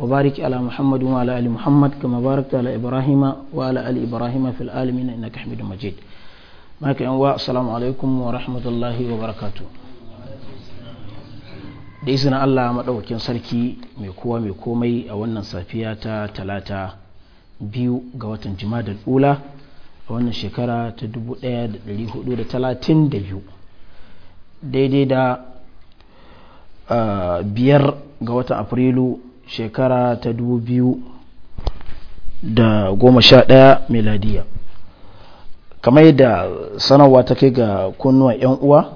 wabarika ala al-muhammadu ala al-muhammad gama barata ala ibrahima wa ala ali ibrahima fila'alimin ina ka hamidu maje maka ɗan uwa asalaamualeykuma wa rahmatullahi wa barakato. da isan allah ma da sarki me kowa me komai a wannan ta talata biyu ga watan juma da dula a wannan shekara ta dubu daya da hudu da talatin da biyu. daidai da biyar ga watan afrilu shekara ta dubu biyu da goma sha ɗaya miladiya kamar yadda sanarwa ta kai ga kunnuwan 'yan uwa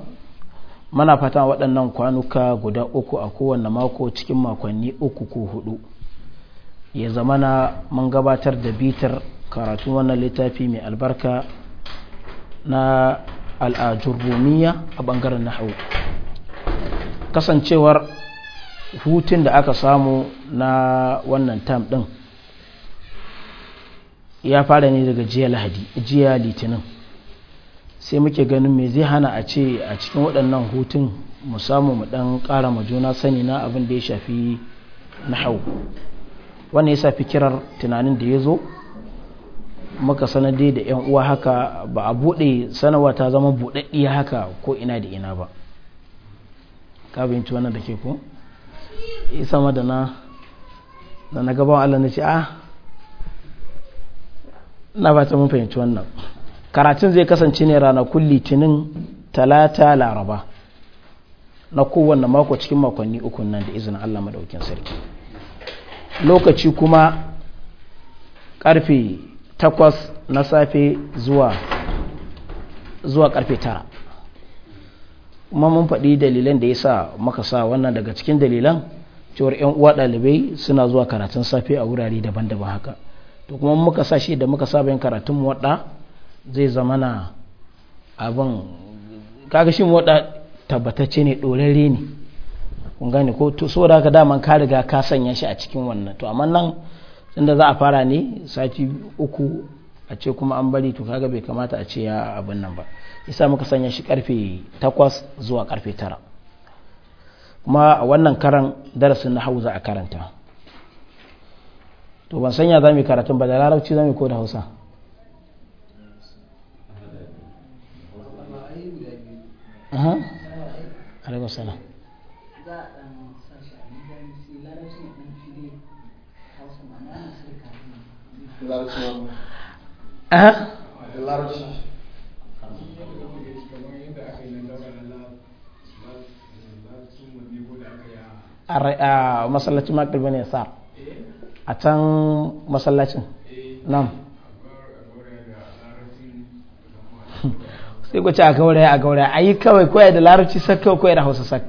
mana fatan waɗannan kwanuka guda uku a kowane mako cikin makonni uku ko hudu ya zama na mun gabatar da bitar karatu wannan littafi mai albarka na al'ajurrumiya a ɓangaren hau kasancewar hutun da aka samu na wannan tam ɗin ya fara ne daga jiya lahadi jiya litinin sai muke ganin me zai hana a ce a cikin waɗannan hutun mu samu mu ɗan ƙara ma juna sani na abin da ya shafi na hau wannan ya sa fikirar tunanin da ya zo muka sanar dai da 'yan uwa haka ba a buɗe sanarwa ta zama buɗaɗɗiya haka ko ina da ina ba ka binci wannan da ke ko sama da na da na gaban Allah na ce a. Ah, na ta mun fahimci wannan karatun zai kasance ne ranakun litinin talata laraba na kowanne mako cikin makonni uku nan da izinin Allah madaukin sarki lokaci kuma karfe takwas na safe zuwa zuwa karfe tara kuma mun faɗi dalilan da ya sa maka sa wannan daga cikin dalilan cewar yan uwa ɗalibai suna zuwa karatun safe a wurare daban-daban haka to kuma muka sa da muka saba yin karatun waɗa zai zama na abin kaga shi waɗa tabbatacce ne ɗorarre ne kun gane ko to saboda haka daman ka riga ka sanya shi a cikin wannan to amma nan tunda za a fara ne sati uku a ce kuma an bari to kaga bai kamata a ce ya abin nan ba isa muka sanya shi karfe 8 zuwa karfe 9 kuma a wannan karan darasin na hauza a karanta to ban sanya za mu karatun ba da larabci za mu ko da hausa Uh-huh. a masallacin makil bane sa a can masallacin nan sai kwace a gauraya a gauraya a yi kawai koya da larabci sak kawai koya da hausa sak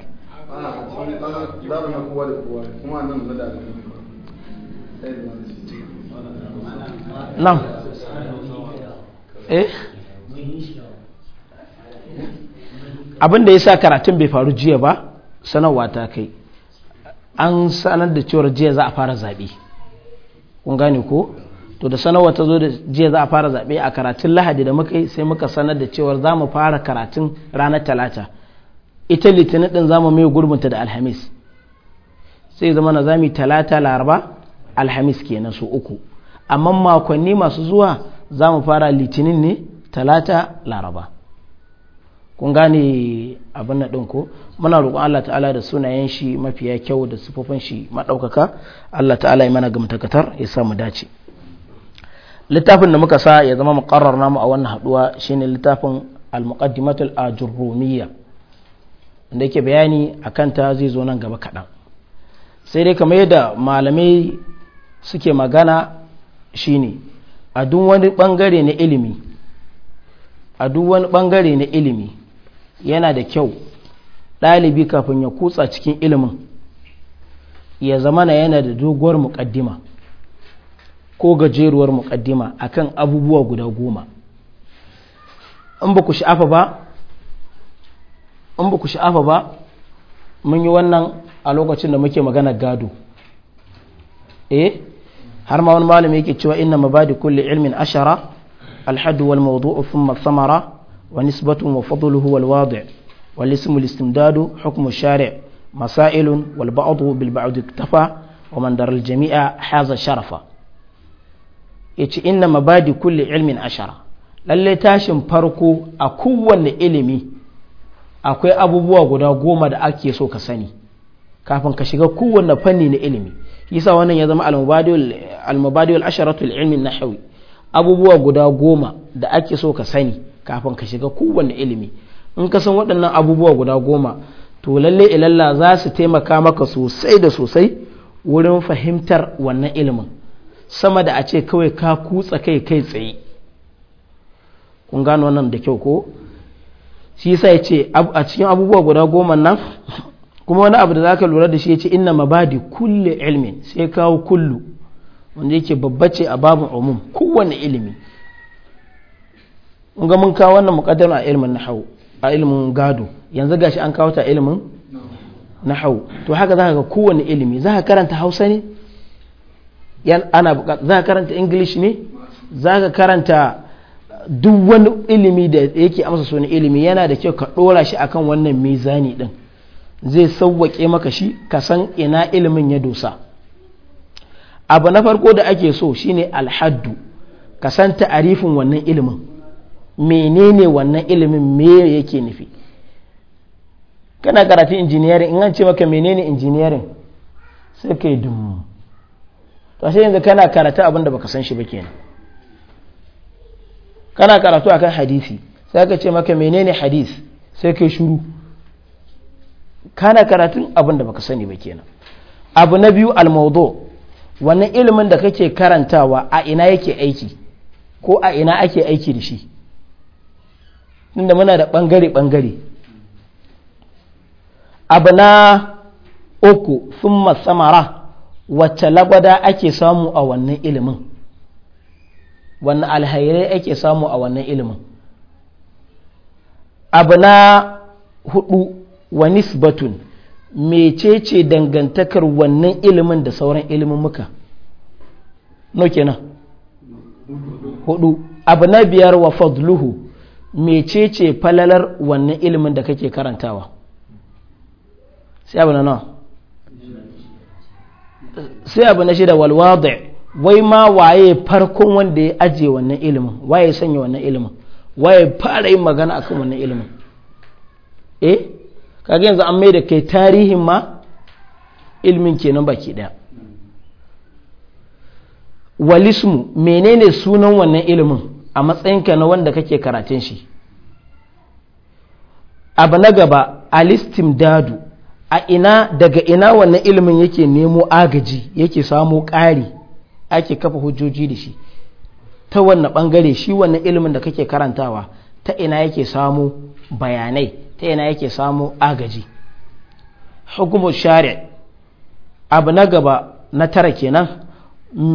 nan eh abin da ya sa karatun bai faru jiya ba sanarwa ta kai an sanar da cewar jiya za a fara zaɓe kun gane ko to da sanarwa ta zo da jiya za a fara zaɓe a karatun lahadi da muka sai muka sanar da cewar za mu fara karatun ranar talata ita litinin ɗin za mu mai gurbinta da alhamis sai zama na zami talata laraba alhamis kenan su uku amma makonni masu zuwa za mu fara litinin ne talata laraba kun gane abin na ɗin ko muna roƙon Allah ta'ala da sunayen shi mafiya kyau da sufofin shi maɗaukaka Allah ta'ala ya mana gamtakatar ya sa mu dace littafin da muka sa ya zama muƙarrar namu a wannan haɗuwa shine littafin al-muqaddimatul ajurrumiyya inda yake bayani akan ta zai zo nan gaba kaɗan sai dai kamar yadda malamai suke magana shine a duk wani bangare na ilimi a duk wani bangare na ilimi yana da kyau ɗalibi kafin ya kutsa cikin ilimin ya zama na yana da doguwar muƙaddima ko gajeruwar muƙaddima akan abubuwa guda goma in ba ku sha'afa ba in ba ku sha'afa ba mun yi wannan a lokacin da muke magana gado eh har ma wani malami yake cewa inna mabadi kulli ilmin ashara alhadu wal mawdu'u thumma samara ونسبة وفضله والواضع والاسم الاستمداد حكم الشارع مسائل والبعض بالبعض اكتفى ومن در الجميع حاز شرفا yace inna mabadi kulli ilmin ashara lallai tashin farko a kowanne ilimi akwai abubuwa guda goma da ake so ka sani kafin ka shiga kowanne fanni na ilimi yasa wannan ya zama al-mubadi al-asharatu al-ilmi abubuwa guda goma da ake so ka sani kafin ka shiga kowane ilimi in ka san waɗannan abubuwa guda goma to lalle ilalla za su taimaka maka sosai da sosai wurin fahimtar wannan ilimin sama da a ce kawai ka kutsa kai kai tsaye kun gano wannan da kyau ko shi sa ya ce a cikin abubuwa guda goma nan kuma wani abu da za ka lura da shi ya ce inna mabadi kulle ilmin sai kawo kullu wanda yake babba ce a babin umum kowane ilimi in ga mun kawo wannan muqaddama a ilmin nahwu a ilmin gado yanzu gashi an kawo ta ilmin nahwu to haka zaka ga kowanne ilimi zaka karanta Hausa ne yan ana bukata zaka karanta English ne zaka karanta duk wani ilimi da yake amsa sunan ilimi yana da kyau ka dora shi akan wannan mizani din zai sauwake maka shi ka san ina ilimin ya dosa abu na farko da ake so shine alhaddu ka san ta'arifin wannan ilimin menene wannan ilimin me yake nufi kana karatun injiniyarin in an ce maka menene injiniyarin sai ka yi dum to sai yanzu kana karatu abinda baka san shi ba kenan kana karatu akan hadisi sai ka ce maka menene hadis sai ka yi shuru kana karatun abinda baka sani ba kenan abu na biyu almodo wannan ilimin da kake karantawa a ina yake aiki ko a ina ake aiki da shi inda muna da ɓangare-ɓangare abu na uku sun samara wacce labada ake samu a wannan ilimin wannan alhairai ake samu a wannan ilimin abu na hudu wa nisbatun mecece dangantakar wannan ilimin da sauran ilimin muka no kenan hudu abu na biyar wa fadluhu mecece falalar wannan ilimin da kake karantawa sai abu na nawa sai abu na shida walwada wai ma waye farkon wanda ya aje wannan ilimin waye sanya wannan ilimin waye fara yin magana akan wannan ilimin eh kage yanzu an mai da kai tarihin ma ilimin kenan baki daya walismu menene sunan wannan ilimin a matsayinka na wanda kake karatun shi abu na gaba alistim dadu a ina daga ina wannan ilimin yake nemo agaji yake samo ƙari ake kafa hujjoji da shi ta wannan ɓangare shi wannan ilimin da kake karantawa ta ina yake samo bayanai ta ina yake samo agaji hukumar shari'a abu na gaba na tara kenan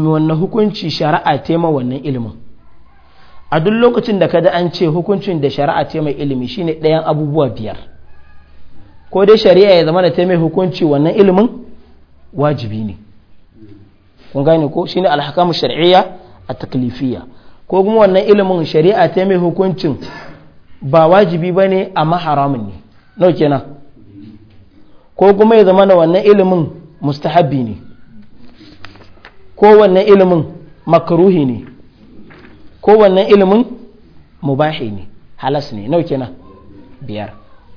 wannan hukunci shari'a tema wannan ilimin a duk lokacin da kada an ce hukuncin da shari'a ce mai ilimi shine ɗayan abubuwa biyar ko dai shari'a ya zama da ta mai hukunci wannan ilimin wajibi ne kun gane ko shine alhakamu shar'iyya a taklifiyya ko kuma wannan ilimin shari'a ta mai hukuncin ba wajibi ba ne amma haramun ne nau kenan ko kuma ya zama da wannan ilimin mustahabbi ne ko wannan ilimin makaruhi ne kowannan ilimin mubahi ne halas ne nauke na biyar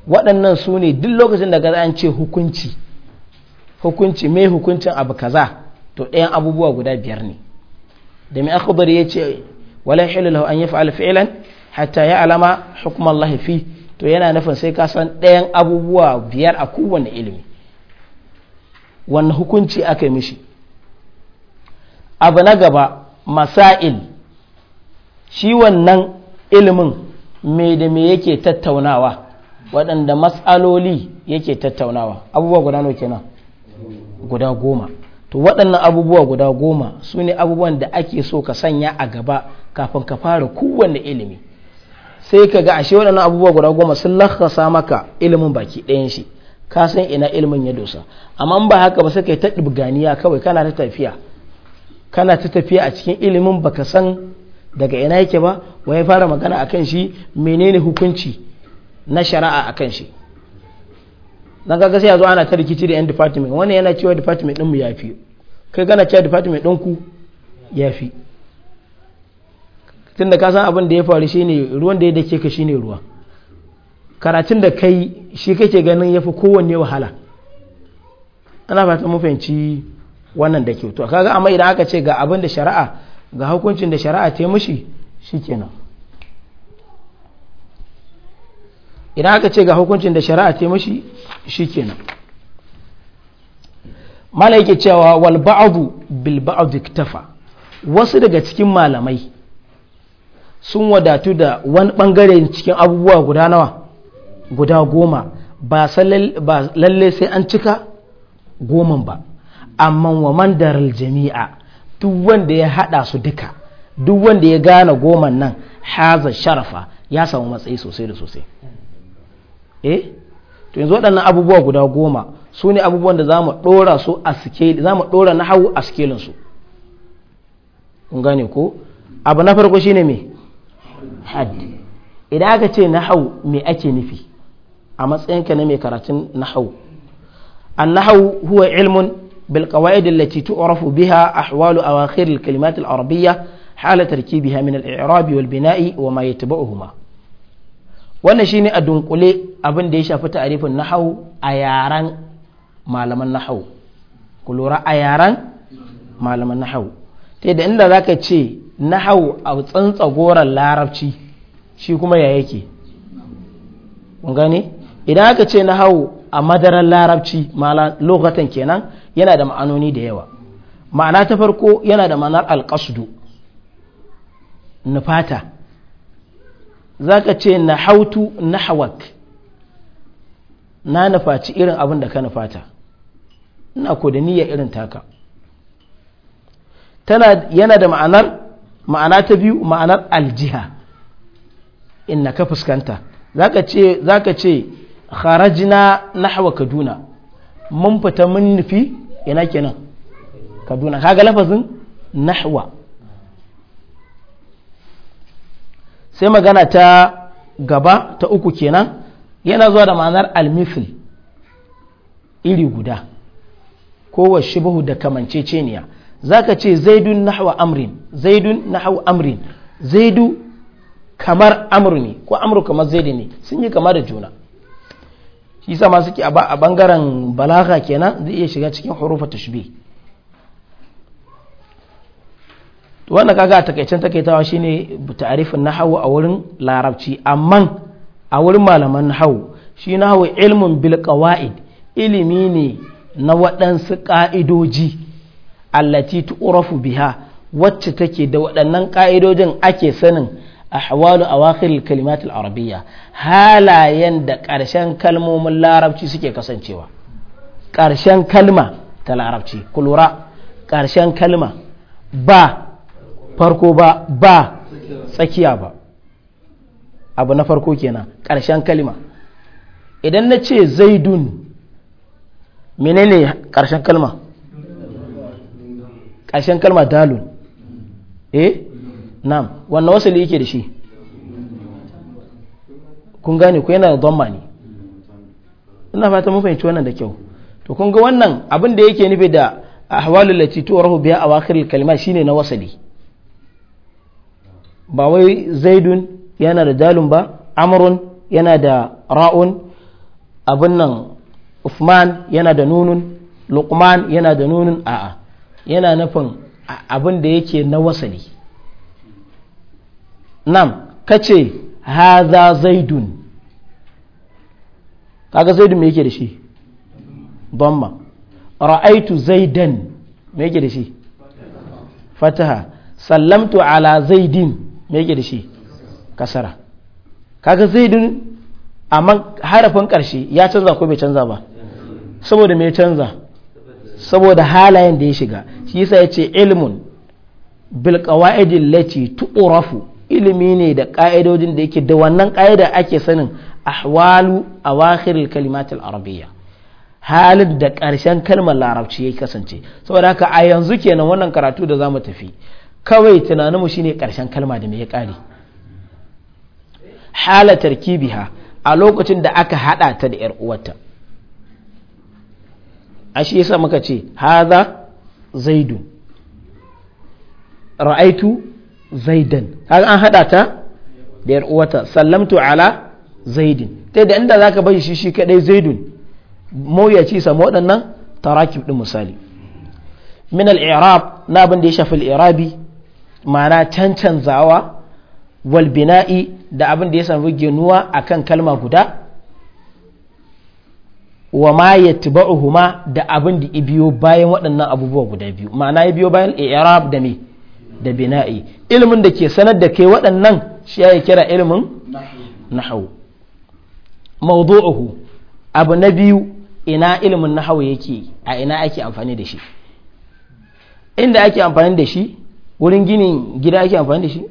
waɗannan su ne duk lokacin da gaza an ce hukunci hukunci mai hukuncin abu kaza to ɗayan abubuwa guda biyar ne da mai akhbar ya ce wala hilu lahu an yaf'al fi'lan hatta ya alama hukman Allah to yana nufin sai ka san ɗayan abubuwa biyar a kowane ilimi wannan hukunci aka yi mishi abu na gaba masail shi wannan ilimin me da me yake tattaunawa waɗanda matsaloli yake tattaunawa abubuwa guda nawa kenan guda goma to waɗannan abubuwa guda goma su ne abubuwan da ake so ka sanya a gaba kafin ka fara kowanne ilimi sai ka ga ashe waɗannan abubuwa guda goma sun lakasa maka ilimin baki ɗayan shi ka san ina ilimin ya dosa amma ba haka ba sai ka yi ta ɗibganiya kawai kana ta tafiya ta tafiya a cikin ilimin baka san daga ina yake ba wa ya fara magana a kan shi menene hukunci na shari'a akan shi na kaga sai ya zo ana ta rikici da yan department wannan yana cewa department ɗinmu ya fi kai gana cewa department ɗinku ya fi tunda da kasan abin da ya faru ne ruwan da ya dake ka ne ruwa karatun da kai shi kake ganin ya fi kowanne wahala ana fata mu fahimci wannan da kyau to kaga amma idan aka ce ga abin da shari'a ga hukuncin da shari'a ta shikenan idan aka ce ga hukuncin da shari'a ta shikenan malaiki cewa wal ba'adu bil ba'd iktafa wasu daga cikin malamai sun wadatu da wani bangare cikin abubuwa guda nawa guda goma ba lalle sai an cika goma ba amma wa man jami'a duk wanda ya haɗa su duka duk wanda ya gane goman nan haza sharafa ya samu matsayi sosai da sosai eh to yanzu waɗannan abubuwa guda goma su ne abubuwan da za mu ɗora na hau a sikelinsu kun gane ko abu na farko shine me had idan aka ce na hau me ake nufi a matsayinka na mai karatun na hau an na hau huwa ilmun بالقواعد التي تعرف بها أحوال أواخر الكلمات العربية حال تركيبها من الإعراب والبناء وما يتبعهما wannan shi ne a dunkule abin da ya shafi ta'arifin nahau a yaran malaman nahau ku lura a yaran malaman nahau ta da inda zaka ce nahau a tsantsagoran larabci shi kuma ya yake kun gane idan aka ce nahau a madarar larabci mala lokatan kenan yana da ma'anoni da yawa ma'ana ta farko yana da ma'anar alƙasudu nufata za ka ce na hautu na hawak na nufaci irin abin da ka nufata ina ko da niyya irin taka tana yana da ma'anar ma'ana ta biyu ma'anar aljiha inna ka fuskanta za ka ce kharajna nahwa kaduna mun fita mun nufi ina kenan kaduna kaga lafazin nahwa sai magana ta gaba ta uku kenan yana zuwa da ma'anar almifil iri guda wa shibahu da kamanceceniya zaka ce zaidun nahwa amrin zaidun nahwa amrin zaidu kamar amru ne ko amru kamar zaidu ne sun yi kamar da juna kisa ma suke a bangaren balaga kenan zai iya shiga cikin hurufa tashbih wannan kaga a takaicen takaitawa shine ta'arifin nahawu a wurin larabci amma a wurin malaman nahawu shi nahawu ilmun bil qawaid ilimi ne na waɗansu ƙa'idoji allati tu'rafu biha wacce take da waɗannan ƙa'idojin ake sanin ahwalu awakhir kalimat al-arabiyya halayen da ƙarshen kalmomin larabci suke kasancewa ƙarshen kalma ta larabci kulura ƙarshen kalma ba farko ba ba tsakiya ba abu na farko kenan ƙarshen kalma idan na ce zaidun menene ƙarshen kalma ƙarshen kalma dalun eh na'am wannan wasali yake da shi kun gane ku yana da dhamma ne ina fata mun fahimci wannan da kyau to kun ga wannan abin da yake nufi da ahwalul lati biya awakhir al kalima shine na wasali ba wai zaidun yana da dalun ba amrun yana da ra'un abin nan Uthman yana da nunun Luqman yana da nunun a'a yana nufin abin da yake na wasali nan ce haza zaidun kaga zaidun me yake da shi dhamma ra'aitu zaidan me yake da shi fataha sallamtu ala zaidin me yake da shi kasara kaga zaidun amma harafin karshe ya canza ko bai canza ba saboda me canza saboda halayen da ya shiga shi yasa ce ilmun bil qawaidil lati tu'rafu ilimi ne da ƙa'idodin da yake da wannan ƙa'ida ake sanin ahwalu a wakhirin kalimatul halin da ƙarshen kalmar larabci ya kasance saboda haka a yanzu kenan wannan karatu da za mu tafi kawai tunaninmu shine ƙarshen kalma da me ya kare. hala tarkibiha a lokacin da aka haɗa ta da ‘yar uwarta a shi yasa muka ce haza zaidu ra'aitu zaidan har an hada ta da yar uwata sallamtu ala zaidin tai da inda zaka bar shi shi kadai zaidun mawuyaci samu waɗannan tarakib din misali min al-i'rab na abin da ya shafi al-i'rabi ma'ana cancanzawa wal bina'i da abin da ya samu nuwa akan kalma guda wa ma yatba'uhuma da abin da ibiyo bayan waɗannan abubuwa guda biyu ma'ana ya biyo bayan i'rab da me da bina'i ilimin da ke sanar da kai waɗannan shi ya kira ilimin nahawu mawdu'uhu abu na biyu ina ilimin nahawu yake a ina ake amfani da shi inda ake amfani da shi wurin ginin gida ake amfani da shi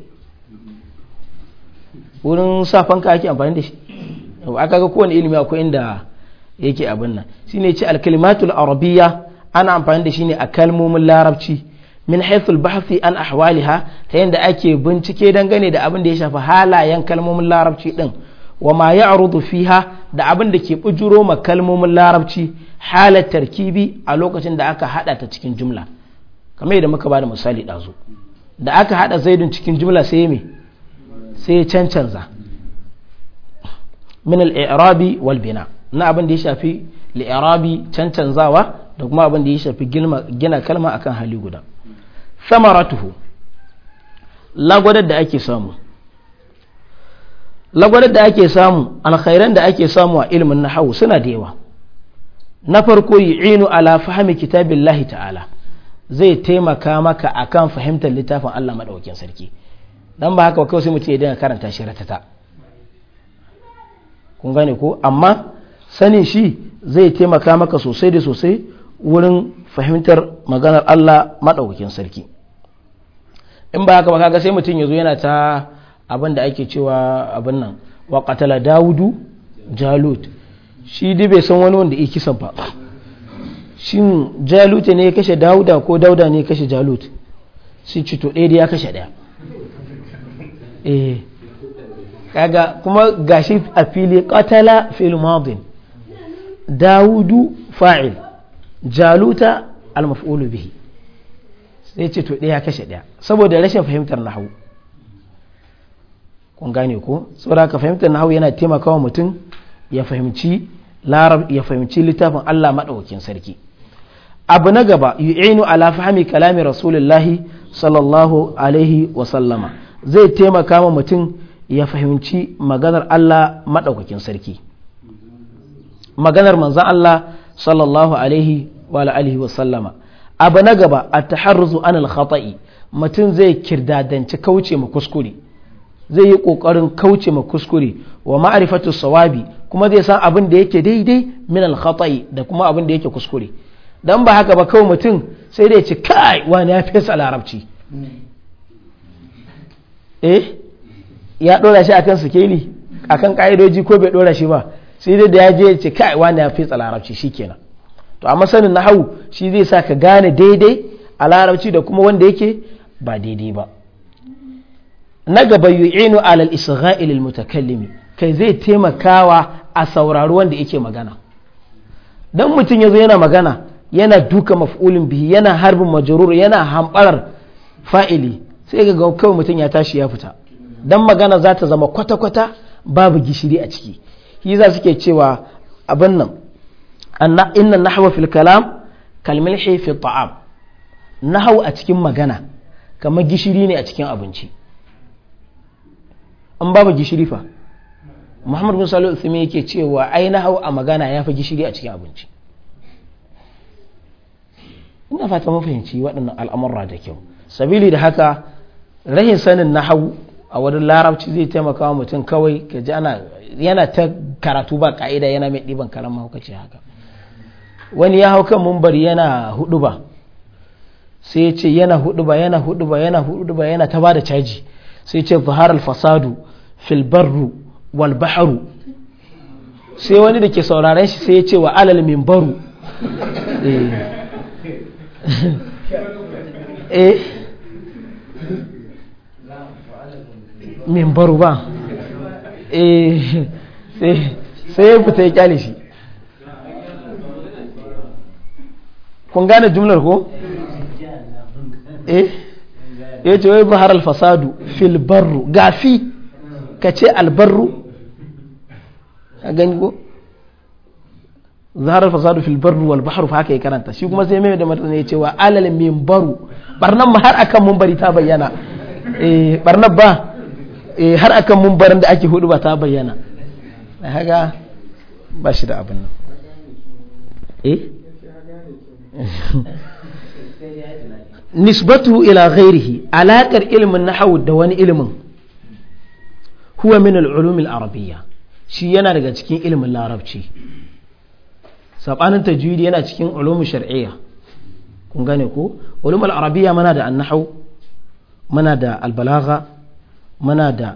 wurin safanka ake amfani da shi aka ga kowane ilimi akwai inda yake abin nan shine ce alkalimatul arabiya ana amfani da shi ne a kalmomin larabci min haithul bahthi an ahwaliha ta yadda ake bincike dangane da abin da ya shafi halayen kalmomin larabci din wa ma ya'rudu fiha da abin da ke bujuro ma kalmomin larabci halar tarkibi a lokacin da aka hada ta cikin jumla kamar yadda muka bada misali dazu da aka hada zaidun cikin jumla sai me sai ya cancanza min al-i'rabi wal bina na abin da ya shafi li'irabi cancanzawa da kuma abin da ya shafi gina kalma akan hali guda samaratuhu lagwadar da ake samu lagwadar da ake samu alkhairan da ake samu a ilimin nahawu suna da yawa na farko yi'inu ala fahimi kitabillahi ta'ala zai taimaka maka akan fahimtar littafin Allah maɗaukin sarki dan ba haka kawai sai mutum ya dinga karanta shi ratata kun gane ko amma sanin shi zai taimaka maka sosai da sosai wurin fahimtar maganar Allah maɗaukin sarki in ba haka ba kaga sai mutum ya zo yana ta abin da ake cewa abin nan wa qatala dawudu jalut shi dai bai san wani wanda yake kisan ba shin jalut ne ya kashe dauda ko dauda ne ya kashe jalut sai ci to ɗaya ya kashe ɗaya eh kaga kuma gashi a fili qatala fil madin dawudu fa'il jaluta al maf'ul bihi sai ce to ɗaya kashe ɗaya saboda rashin fahimtar nahu kun gane ko saboda ka fahimtar nahu yana taimakawa mutum ya fahimci larab ya fahimci littafin Allah madaukakin sarki abu na gaba yu'inu ala fahmi kalami rasulullahi sallallahu alaihi wa sallama zai taimaka ma mutum ya fahimci maganar Allah madaukakin sarki maganar manzon Allah sallallahu alaihi wa alihi wa sallama abu na gaba a taharruzu anil khata'i mutum zai kirdadanci kauce ma kuskure zai yi kokarin kauce ma kuskure wa ma'arifatu sawabi kuma zai san abin da yake daidai min al khata'i da kuma abin da yake kuskure dan ba haka ba kawai mutum sai dai ci kai wani ya fesa larabci eh ya dora shi akan sikeli akan ka'idoji ko bai dora shi ba sai dai da ya je ci kai wani ya fesa larabci shikenan to amma sanin nahawu shi zai sa ka gane daidai a larabci da kuma wanda yake ba daidai ba na gaba yu'inu alal isra'il mutakallimi kai zai taimakawa a saurari wanda yake magana dan mutum yazo yana magana yana duka maf'ulin bihi yana harbin majrur yana hambarar fa'ili sai ga kawai mutum ya tashi ya fita dan magana za ta zama kwata-kwata babu gishiri a ciki yi za suke cewa abin nan inna nahwa fil kalam shay fi ta'am nahau a cikin magana kamar gishiri ne a cikin abinci an babu gishiri fa muhammad bin salih uthmi yake cewa ai nahau a magana ya fi gishiri a cikin abinci ina fata fahimci waɗannan al'amurra da kyau sabili da haka rahin sanin nahau a wurin larabci zai taimaka wa mutum kawai ka ana yana ta karatu ba ka'ida yana mai ɗiban kalan mahaukaci haka wani ya hau kan mumbar yana hudu ba sai ya ce yana hudu ba yana hudu ba yana hudu ba yana ta ba da caji sai ce zahar alfasadu fasadu fil barru wal baharu sai wani da ke sauraren shi sai ya ce wa alal min baru eh, eh. min baru ba eh sai ya fita ya kyale shi kun gane jumlar ko eh ya eh, ce wai bahar alfasadu fil barru gafi ka ce albarru a gani ko zahar alfasadu fil barru wal bahru fa haka ya karanta shi kuma sai mai da mutane ya ce wa alal min baru barnan ma har akan mumbari ta bayyana eh barnan ba eh har akan mumbarin da ake hudu ba ta bayyana haka ba shi da abin nan eh nisbatu ila ghairihi alaƙar ilmin nahawu da wani ilmin huwa min al-ulum al-arabiyya shi yana daga cikin ilimin larabci sabanin tajwidi yana cikin ulum shar'iyya kun gane ko ulum al-arabiyya mana da an-nahwu mana da al-balagha mana da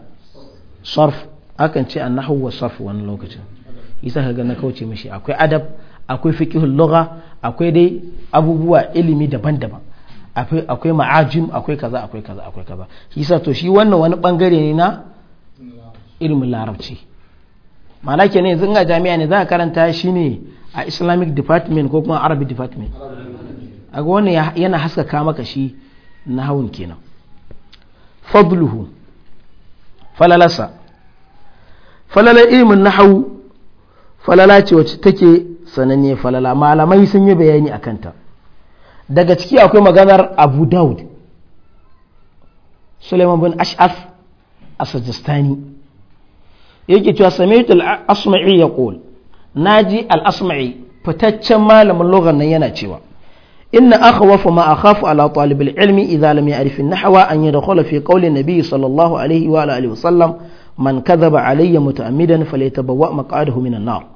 sarf akan ce an-nahwu wa sarf wani lokacin isa ka ga na kauce mishi akwai adab akwai fiqhul lugha akwai dai abubuwa ilimi daban-daban akwai ma'ajim akwai kaza akwai kaza akwai kaza shi yasa to shi wannan wani bangare ne na ilimin larabci mana kenan yanzu ga jami'a ne za ka karanta shi ne a islamic department ko kuma arabic department aga wannan yana haskaka maka shi na hawun kenan fadluhu falalasa falalar ilimin nahawu falala ce wacce take sananne falala malamai sun yi bayani a kanta daga ciki akwai maganar abu daud suleiman bin ash'af a sajistani yake cewa samir al-asma'i ya kol na ji al-asma'i fitaccen malamin logan nan yana cewa inna aka wafa ma a khafu ala talibin ilmi izalami a rifin na hawa an yi da kola fi kauli na biyu sallallahu alaihi wa alaihi wasallam man kaza ba alayya mutu amidan falaita maka adahu minan na.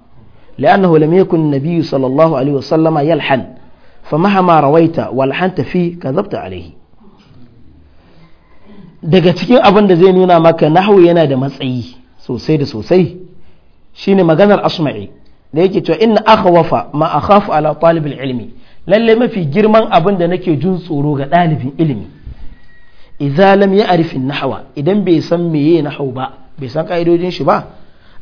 لأنه لم يكن النبي صلى الله عليه وسلم يلحن فمهما رويت والحنت فيه كذبت عليه daga cikin abin da zai nuna maka nahawu yana da matsayi sosai da sosai shine maganar asma'i da yake cewa inna akhawafa ma akhafu ala talibul ilmi lalle mafi girman abin da nake jin tsoro ga ɗalibin ilimi idza lam ya'rif an-nahwa idan bai san meye nahwu ba bai san ka'idojin shi ba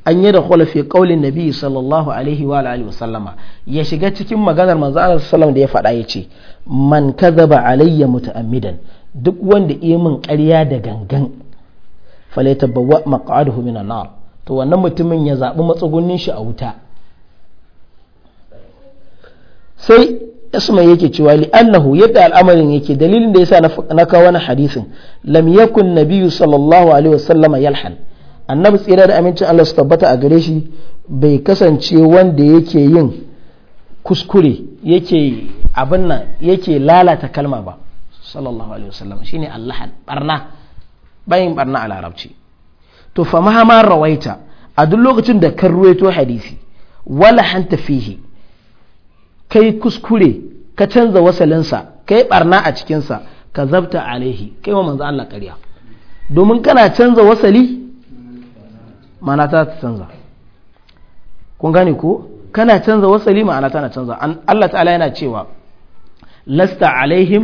an yi da fi kaulin nabi sallallahu alaihi wa alihi wasallama ya shiga cikin maganar manzo Allah sallallahu da ya faɗa ya ce man kadhaba alayya muta'ammidan duk wanda iya min karya da gangan falyatabawwa maq'aduhu minan nar to wannan mutumin ya zaɓi matsugunnin shi a wuta sai isma yake cewa li annahu yadda al'amarin yake dalilin da yasa na kawo wani hadisin lam yakun nabiyyu sallallahu alaihi wasallama yalhan annabi tsira da amincin Allah su tabbata a gare shi bai kasance wanda yake yin kuskure yake abin nan yake lalata kalma ba sallallahu alaihi wasallam shine Allah barna bayin barna a larabci to fa mahama rawaita a duk lokacin da kan ruwaito hadisi wala hanta fihi kai kuskure ka canza wasalinsa kai barna a cikinsa ka zabta alaihi kai wa manzo Allah ƙarya domin kana canza wasali ma'ana ta canza kun gane ko kana canza wasali ma'ana tana canza Allah ta'ala yana cewa lasta alaihim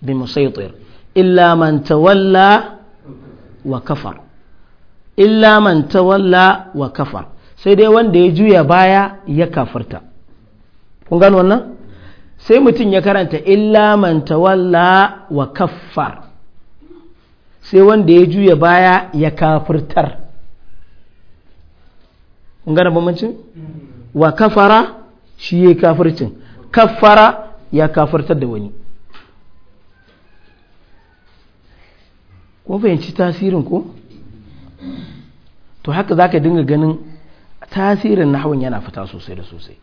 bi musaitir illa man tawalla wa kafar illa man tawalla wa kafar sai dai wanda ya juya baya ya kafirta kun gane wannan sai mutum ya karanta illa man tawalla wa kaffar sai wanda ya juya baya ya kafirtar kun gane bambancin wa kafara shi ya kafircin kafara ya kafartar da wani kun fahimci tasirin ko to haka za dinga ganin tasirin nahawun yana fita sosai da sosai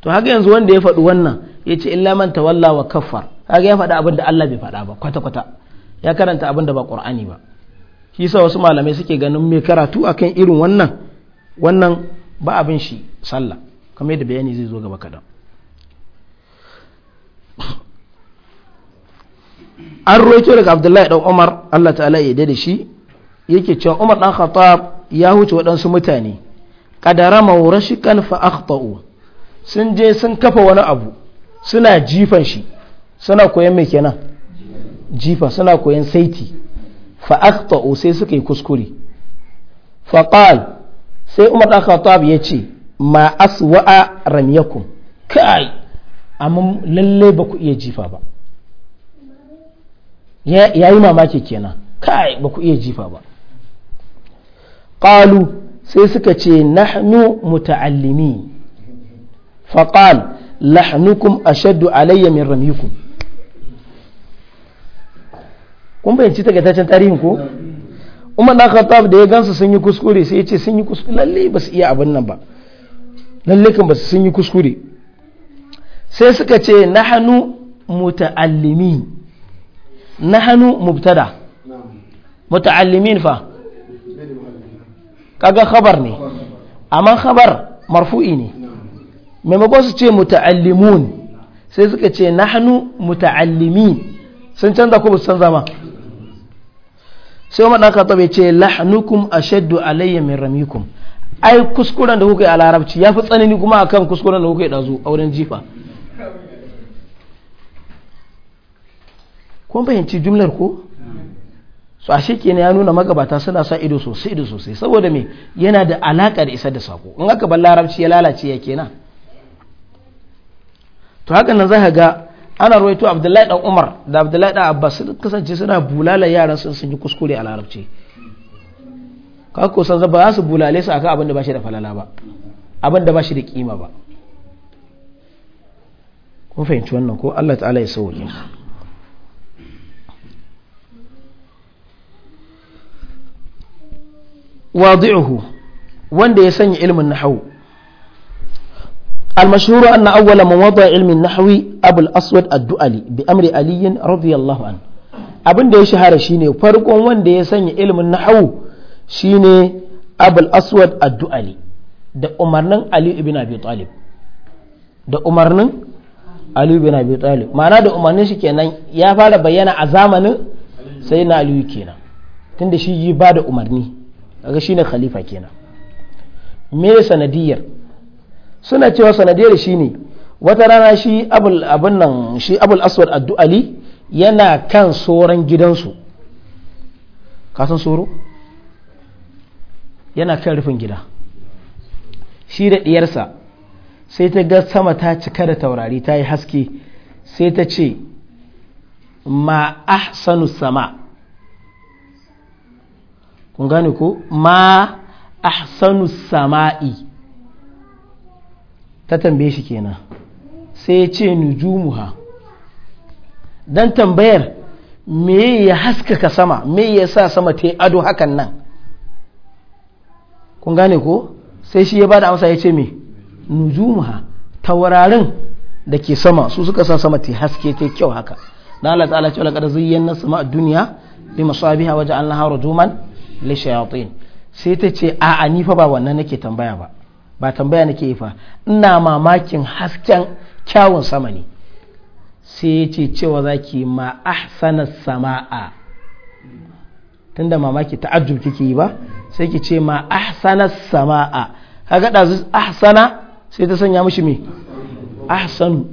to haka yanzu wanda ya faɗi wannan ya ce illa man tawalla wa kaffar haka ya faɗi abin da Allah bai faɗa ba kwata-kwata ya karanta abin da ba ƙur'ani ba shi sa wasu malamai suke ganin mai karatu akan irin wannan wannan ba abin shi sallah kamar yadda bayani zai zo gaba kadan an roƙo daga abdullahi Ɗan umar allah ta'ala ya da shi yake cewa umar ɗan khattab ya huce waɗansu mutane kadara shi fa akhtau sun je sun kafa wani abu suna jifan shi suna koyan mai kenan jifa suna koyan saiti fa sai suka yi kuskure fa sai umar ɗan khattab ya ce ma aswa'a ramyakum kai amma lalle ba ku iya jifa ba ya yi mamaki kenan kai ba ku iya jifa ba ƙalu sai suka ce nahnu muta'allimi faƙal lahnukum ashaddu alayya min ramyikum kun bayanci takaitaccen tarihin ko umar dan khattab da ya gansu sun yi kuskure sai ya ce sun yi kuskure lalle ba su iya abin nan ba lalle kan ba su sun yi kuskure sai suka ce nahanu na nahanu mubtada muta'allimin fa kaga khabar ne amma khabar marfu'i ne maimakon su ce muta'allimun sai suka ce nahanu muta'allimin sun canza ko ba su canza ma sai Umar dan Khattab ya ce lahnukum ashaddu alayya min ramikum ai kuskuren da kuka yi a larabci ya fi tsanani kuma akan kuskuren da kuka yi dazu a wurin jifa kun fahimci jumlar ko so ashe kenan ya nuna magabata suna sa ido sosai da sosai saboda me yana da alaka da isar da sako in aka bar larabci ya lalace ya kenan to haka nan za ka ga ana ruwaito abdullahi dan umar da abdullahi dan abbas sun kasance suna bulala yaran sun sun yi kuskure a larabci ka ko san ba za su bulale su akan abin da ba shi da falala ba abin da ba shi da kima ba kun fahimci wannan ko Allah ta'ala ya sauke wadi'uhu wanda ya sanya ilmin hau. المشهور أن أول من وضع علم النحو أبو الأسود bi amri علي رضي الله عنه abin da ya shahara shine farkon wanda ya sanya ilimin nahawu shine abul aswad addu'ali da umarnin ali ibn abi da umarnin ali ibn abi ma'ana da umarnin shi kenan ya fara bayyana a zamanin sai na aliyu kenan tunda shi yi ba da umarni kaga shine khalifa kenan me sanadiyar suna cewa sanadiyar shi ne wata rana shi abul abin nan shi abul aswad addu'ali yana kan soran gidansu kasan soro yana kan rufin gida shi da ɗiyarsa sai ta ga sama ta cika da taurari ta yi haske sai ta ce ma ahsanu sama kun gane ko ma ahsanu sama'i ta tambaye shi kenan sai ya ce nujumuha dan tambayar me ya haskaka sama me ya sa sama ta ado hakan nan kun gane ko sai shi ya bada amsa ya ce me nujumuha taurarin da ke sama su suka sa sama ta haske ta kyau haka dan Allah ta'ala ce laqad zayyana sama ad-dunya bi masabiha wa ja'alnaha rujuman lishayatin sai ta ce a'a ni fa ba wannan nake tambaya ba ba tambaya nake yi fa ina mamakin hasken kyawun sama ne sai ya ce cewa za ki ma ahsana sama'a tunda mamaki ta'ajjub kike yi ba sai ki ce ma ahsana sama'a kaga dazu ahsana sai ta sanya mishi me ahsanu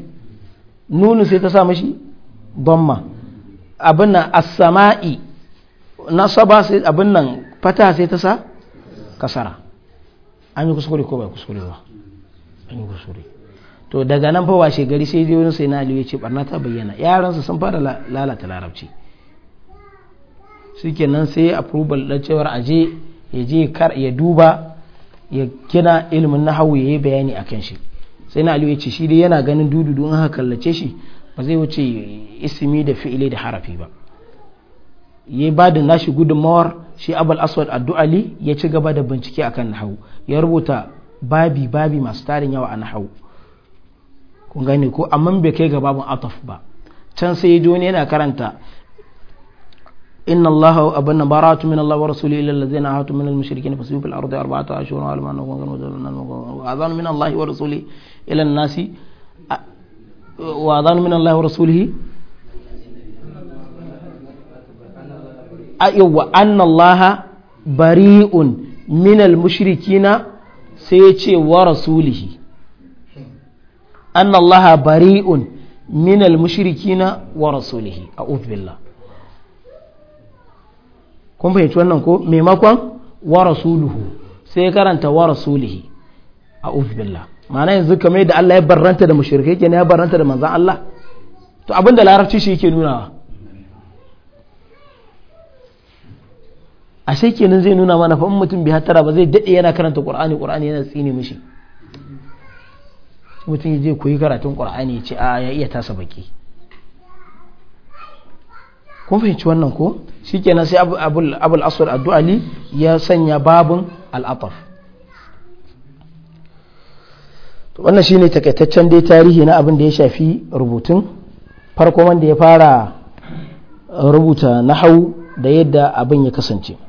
nunu sai ta sa mishi Bamma. abin nan as-sama'i nasaba sai abin nan fata sai ta sa kasara an yi kuskure ko ba kuskure ba an yi kuskure to daga nan fa washe gari sai dai wani sai na aliyu ya barna ta bayyana yaran su sun fara lalata larabci nan sai approval da cewar aje ya je kar ya duba ya kina ilimin nahawu ya yi bayani a kan shi sai na aliyu ya shi dai yana ganin dududu in haka kallace shi ba zai wuce ismi da fi'ili da harafi ba ya ba da nashi gudunmawar shi abul aswad addu'ali ya ci gaba da bincike akan nahawu ya rubuta babi babi masu tarin yawa a nahawu kun gane ko amma bai kai ga babun ataf ba can sai ya wani yana karanta inna allaha abanna baratu min allahi wa rasuli ila allazina hatu min al mushrikin fasibu fil ardi arba'ata ashhurun wa alamanu wa ganu wa adhanu min allahi wa rasulihi ila an-nasi wa adhanu min allahi wa rasulihi wa anna Allah bari'un minal mushrikina sai ya ce wa rasulihi anna Allah bari'un minal mushrikina wa rasulihi a billah kun fahimci wannan ko maimakon wa rasuluhu sai karanta wa rasulihi a billah ma'ana yanzu kamar da Allah ya barranta da mushrikai kenan ya barranta da manzan Allah to abinda larabci shi yake nunawa ashe kenan zai nuna mana fa in mutum bai hatara ba zai dade yana karanta qur'ani qur'ani yana tsine mishi mutum yaje koyi karatun qur'ani ya ce a ya iya tasa baki kun fahimci wannan ko kenan sai abul abul asr addu'ali ya sanya babun al'ataf to wannan shine takaitaccen dai tarihi na abin da ya shafi rubutun farko wanda ya fara rubuta nahau da yadda abin ya kasance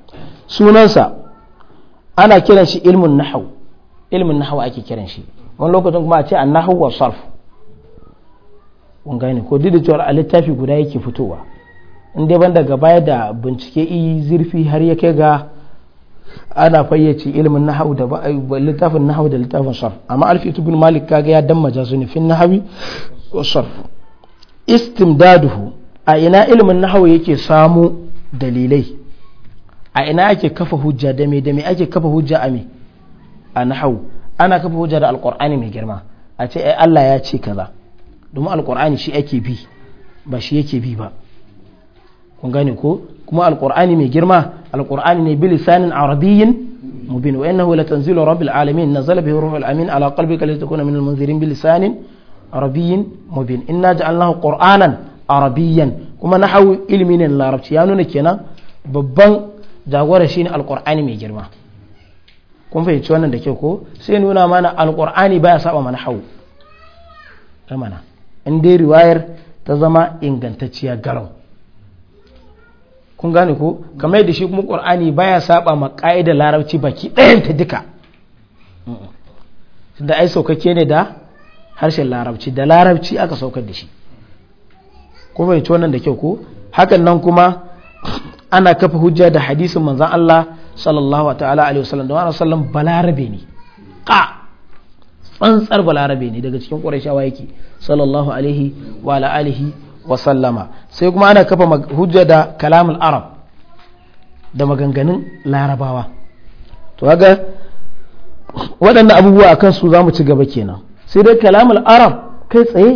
sunansa ana kiran shi ilmin nahau ilmin nahau ake kiran shi wani lokacin kuma a ce nahau wa sarf ko duk a littafi guda yake fitowa in dai ban daga baya da bincike i zurfi har ya kai ga ana fayyace ilmin nahau da littafin nahau da littafin sarf amma alfi ibn malik kaga ya damma su ne fin nahawi wa sarf istimdaduhu a ina ilmin nahau yake samu dalilai a ina ake kafa hujja da me da me ake kafa hujja a me a nahau ana kafa hujja da alqur'ani mai girma a ce ai Allah ya ce kaza domin alqur'ani shi ake bi ba shi yake bi ba kun gane ko kuma alqur'ani mai girma alqur'ani ne bi lisanin arabiyyin mubin wa innahu tanzilu rabbil alamin nazala bihi ruhul amin ala qalbika litakuna min almunzirin bi lisanin arabiyyin mubin inna ja'alnahu qur'anan arabiyyan kuma nahau ilmin ne larabci ya nuna kenan babban jagora shine alqur'ani mai girma kun fahimci wannan da kyau ko sai nuna mana alqur'ani baya saba mana hawu amana in dai riwayar ta zama ingantacciya garau kun gane ko kamar da shi kuma qur'ani baya saba ma ka'ida larabci baki ɗayan ta duka da ai saukake ne da harshen larabci da larabci aka saukar da shi kuma bai wannan da kyau ko hakan nan kuma ana kafa hujja da hadisin manzan Allah sallallahu ta'ala alaihi wasallam da wani sallam balarabe ne ka tsantsar balarabe ne daga cikin ƙurashawa yake sallallahu alaihi wa alihi wa sallama sai kuma ana kafa hujja da kalamul arab da maganganun larabawa to haka waɗannan abubuwa akan su za mu ci gaba kenan sai dai kalamul arab kai tsaye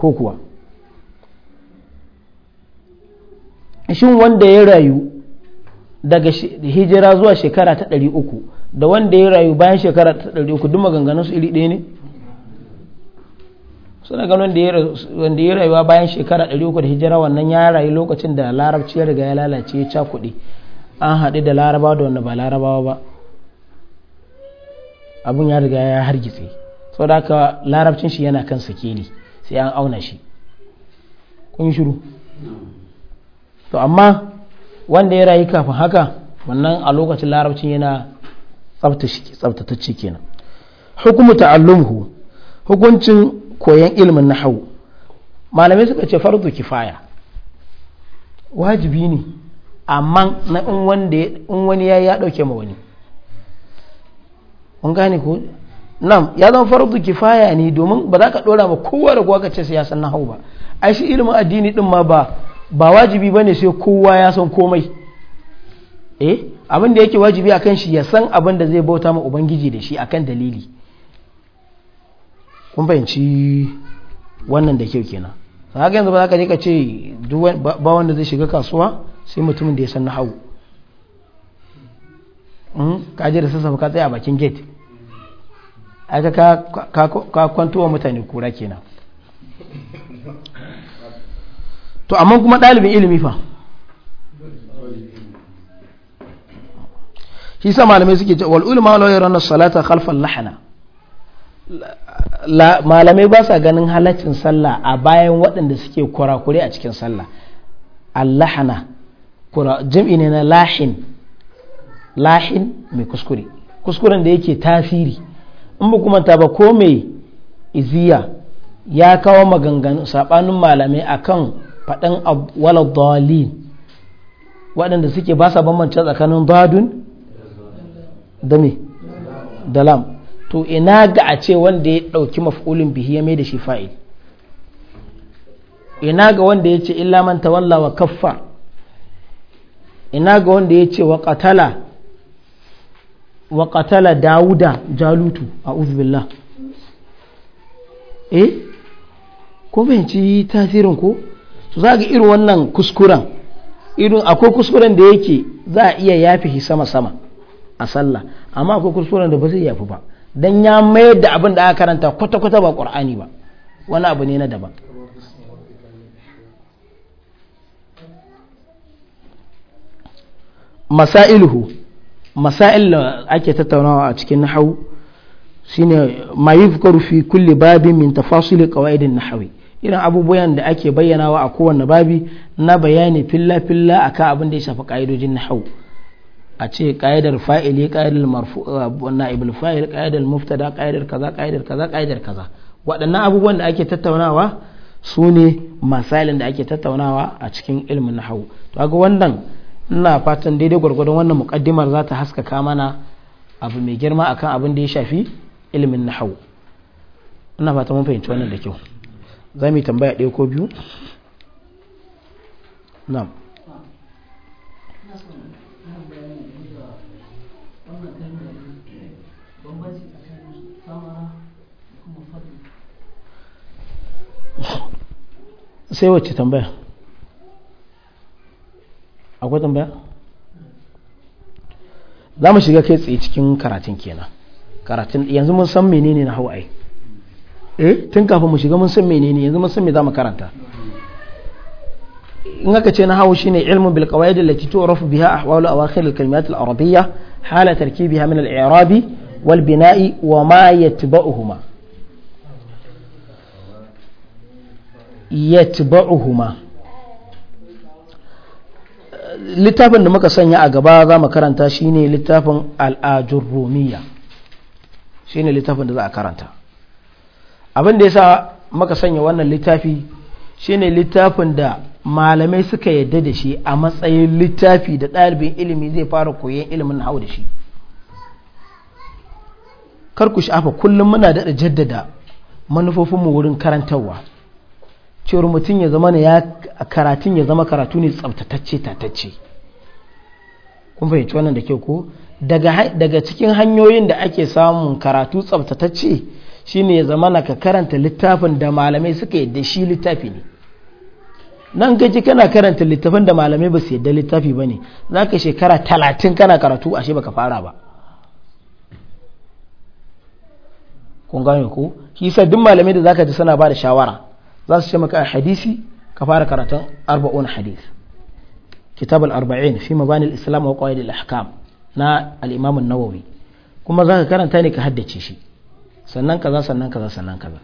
ko kuwa shin wanda ya rayu daga hijira zuwa shekara ta ɗari uku da wanda ya rayu bayan shekara ta ɗari uku duk maganganun su iri ɗaya ne suna gano wanda ya rayuwa bayan shekara ɗari uku da hijira wannan ya rayu lokacin da larabci ya riga ya lalace ya cakuɗe an haɗu da larabawa da wanda ba larabawa ba abun ya riga ya hargitse saboda haka larabcin shi yana kan sakeli sai an auna shi kun shiru to amma wanda ya rayu kafin haka wannan a lokacin larabci yana tsabtatacce kenan hukumu ta'allumhu hukuncin koyan na nahawu malamai suka ce fardu kifaya wajibi ne amma na in wanda in wani ya ya dauke ma wani mun gane ko nan ya zama fardu kifaya ne domin ba za ka dora ba kowa da kowa ka ce sai ya san nahawu ba ai shi ilimin addini din ma ba ba wajibi bane sai kowa ya san komai eh abin da yake wajibi akan shi ya san abin da zai bauta ma ubangiji da shi akan dalili kun fahimci wannan da kyau kenan sai haka yanzu ba za ka je ka ce duk ba wanda zai shiga kasuwa sai mutumin da ya san na hau hmm? ka je da sassafa ka tsaya a bakin gate ka ka kwantowa mutane kura kenan to amma kuma ɗalibin ilimi fa shi sa malamai suke ce wal ulama la yarawna salata khalfal lahana malamai ba sa ganin halaccin sallah a bayan waɗanda suke kurakure a cikin sallah allahana jam'i ne na lahin lahin mai kuskure kuskuren da yake tasiri in ba kuma ta ba ko mai iziya ya kawo maganganu sabanin malamai akan faɗin wala dalin waɗanda suke ba sa bambance tsakanin dadun da me da lam to ina ga a ce wanda ya ɗauki maf'ulin bihi ya mai da shi fa'il ina ga wanda ya ce illa man tawalla wa kaffa ina ga wanda ya ce wa ƙatala Dawuda dauda jalutu a'udhu billah eh ko fahimci tasirin ko za ga irin wannan kuskuren irin akwai kuskuren da yake za a iya yafi sama sama a sallah amma akwai kuskuren da ba zai yafi ba dan ya mayar da abin da aka karanta kwata kwata ba qur'ani ba wani abu ne na daban masailuhu masail da ake tattaunawa a cikin nahawu shine ma fi kulli babin min tafasil qawaid nahawi nahwi irin abubuwan da ake bayyanawa a kowane babi na bayani filla-filla a kan abin da ya shafi ƙa'idojin hau. a ce ƙa'idar fa'ili ƙa'idar marfu eh, na'ibul fa'il ƙa'idar muftada ƙa'idar kaza ƙa'idar kaza ƙa'idar kaza waɗannan abubuwan da ake tattaunawa su ne masalin da ake tattaunawa a cikin ilimin nahau to ga wannan ina fatan daidai gwargwadon wannan muƙaddimar za ta haskaka mana abu mai girma akan abin da ya shafi ilimin nahau ina fatan mun fahimci wannan da kyau za mu yi tambaya ɗaya ko biyu na sai wacce tambaya akwai tambaya za mu shiga kai tsaye cikin karatun kenan karatun yanzu mun san menene na hawa'ai Eh? tun kafin mu shiga mun san menene yanzu mun san me mu karanta in aka ce na hawo shine ilmun bil qawaid allati tu'rafu biha ahwal awakhir al kalimat al arabiyya hala tarkibiha min al i'rab wal bina'i wa ma yatba'uhuma yatba'uhuma littafin da muka sanya a gaba za mu karanta shine littafin al-ajurrumiyya shine littafin da za a karanta abin da ya sa maka sanya wannan littafi shine littafin da malamai suka yadda da shi a matsayin littafi da ɗalibin ilimi zai fara koyon ilimin hau da shi kar ku sha'afa kullum muna daɗa jaddada manufofinmu wurin karantarwa cewar mutum ya zama ya karatun ya zama karatu ne tsabtatacce tatacce kun fahimci wannan da ke ko daga cikin hanyoyin da ake samun karatu tsabtatacce shine ya na ka karanta littafin da malamai suka yadda shi littafi ne nan gaji kana karanta littafin da malamai ba su yadda littafi ba ne za ka shekara talatin kana karatu ashe baka fara ba kun gane ko shi sa duk malamai da zaka ji suna ba da shawara za su ce maka hadisi ka fara karatun arba'un hadis kitab al-arba'in fi mabani al-islam wa qawaid al-ahkam na al-imam an-nawawi kuma zaka karanta ne ka haddace shi sannan kaza sannan kaza sannan kaza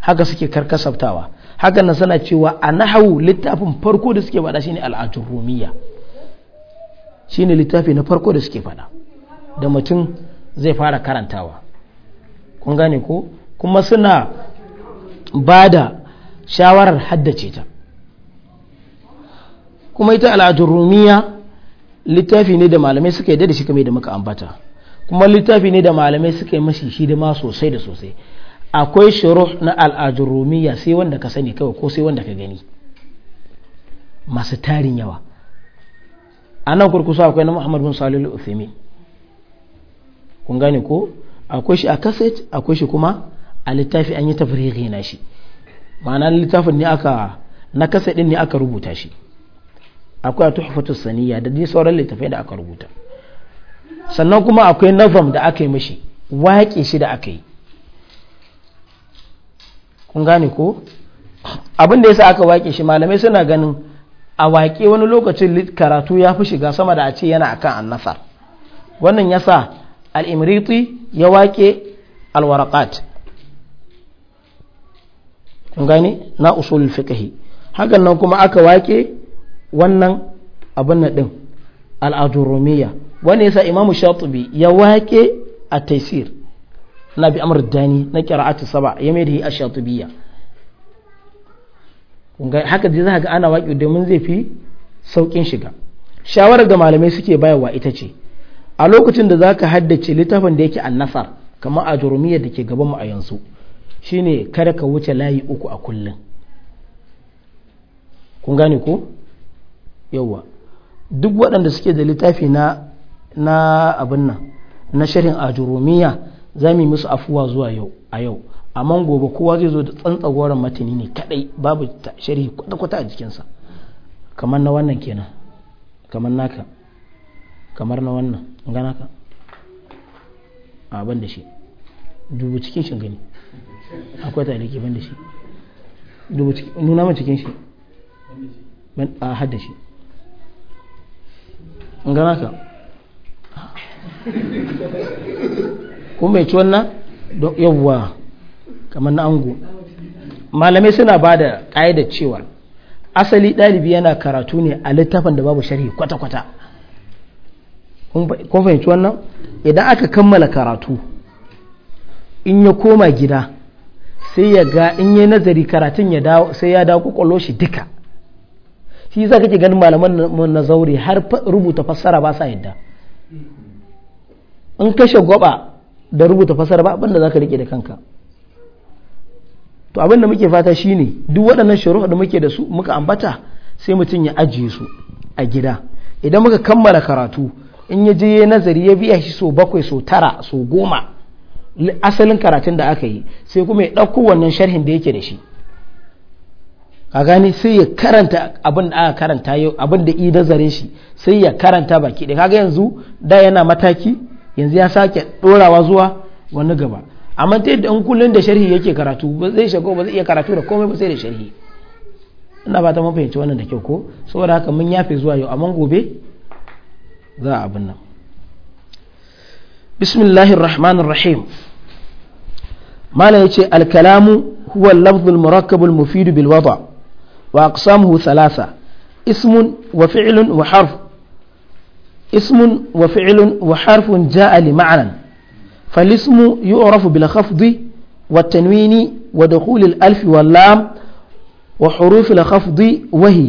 haka suke karkasaftawa hakan na suna cewa a nahawu littafin farko da suke faɗa shine rumiya. shine littafi na farko da suke faɗa da mutum zai fara karantawa kun gane ko kuma suna bada shawarar haddace ta kuma ita rumiya littafi ne da malamai suka yi da shi kamar da muka ambata kuma littafi ne da malamai suka yi mashi hidima sosai da sosai akwai shiru na rumiya sai wanda ka sani kawai ko sai wanda ka gani masu tarin yawa a nan kurkusa akwai na muhammad bin salil uthimi kun gane ko akwai shi a kaset akwai shi kuma a littafi an yi tafrihi na shi ma'ana littafin ne aka na kaset din ne aka rubuta shi akwai a tuhfatu saniya da dai sauran littafai da aka rubuta sannan kuma akwai nazam da aka yi mashi waƙe shi da aka yi kun gane ko abin da yasa aka waƙe shi malamai suna ganin a waƙe wani lokacin karatu ya fi shiga sama da a ce yana akan annasar wannan yasa al'imriti ya waƙe alwarakat kun gane na usulul fiqhi hakan nan kuma aka waƙe wannan abin nan din al'adurumiya wani yasa imamu shatibi ya wake a taisir na bi amur dani na qira'atu saba ya mai da a ash-shatibiyya haka zai zaka ga ana waki domin zai fi sauƙin shiga shawarar da malamai suke bayarwa ita ce a lokacin da zaka haddace littafin da yake annasar kamar a jurumiyar da ke gabanmu a yanzu shine kada ka wuce layi uku a kullum kun gane ko yawwa duk waɗanda suke da littafi na na abin nan na shirin ajurumiya za mu yi musu afuwa zuwa yau a yau amma gobe kowa zai zo da tsantsagoran matani ne kadai babu sharhi kwata-kwata a jikinsa kamar na wannan kenan kamar naka kamar na wannan gana ka abin da shi dubu cikin shi gani akwai taliki ban da shi dubu cikin nuna ma cikin shi a hadda shi gana ka kun bai ci wannan don yawwa kamar na ango malamai suna ba da ƙa'ida cewa asali ɗalibi yana karatu ne a littafin da babu sharhi kwata-kwata kun fahimci wannan idan aka kammala karatu in ya koma gida sai ya ga in ya nazari karatun ya dawo sai ya dawo kwakwallo shi duka shi za kake ganin malaman na zaure har rubuta fassara ba sa yadda in kashe gwaba da rubuta fasar ba abinda za ka rike da kanka to abin da muke fata shine duk waɗannan shari'a da muke da su muka ambata sai mutum ya ajiye su a gida idan muka kammala karatu in ya je nazari ya biya shi so bakwai so tara so goma asalin karatun da aka yi sai kuma ya ɗauko wannan sharhin da yake da shi ka gani sai ya karanta abin da aka karanta yau abin da i nazarin shi sai ya karanta baki da kaga yanzu da yana mataki yanzu ya sake ɗorawa zuwa wani gaba amma ta yadda in kullum da sharhi yake karatu ba zai shago ba zai iya karatu da komai ba sai da sharhi ina ba ta mafahimci wannan da kyau ko saboda haka mun yafe zuwa yau amma gobe za a abin nan bismillahir rahmanir rahim mala yace al kalamu huwa al lafdh al murakkab al mufid bil wada wa aqsamuhu thalatha ismun wa fi'lun wa harf اسم وفعل وحرف جاء لمعنى فالاسم يعرف بالخفض والتنوين ودخول الألف واللام وحروف الخفض وهي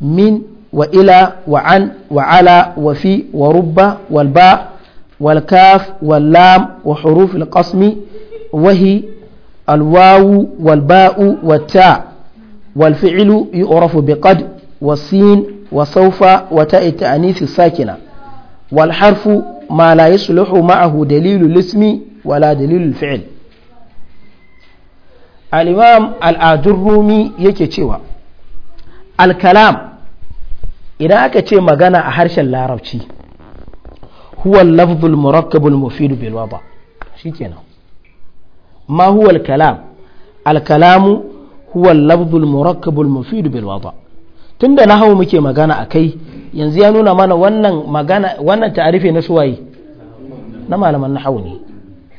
من وإلى وعن وعلى وفي ورب والباء والكاف واللام وحروف القسم وهي الواو والباء والتاء والفعل يعرف بقد والسين وسوف وتاء التأنيث الساكنه wal harfu ma la yasluhu ma'ahu dalilu lismi wala dalilu fi'l al-imam al-ajurrumi yake cewa al-kalam idan aka ce magana a harshen larabci huwa lafzul murakkabul mufid bil wada ma huwa al-kalam al-kalamu huwa lafzul murakkabul mufid bil wada tunda nahawu muke magana akai yanzu ya nuna mana wannan magana wannan ta'arifi na suwaye na malaman nahawu ne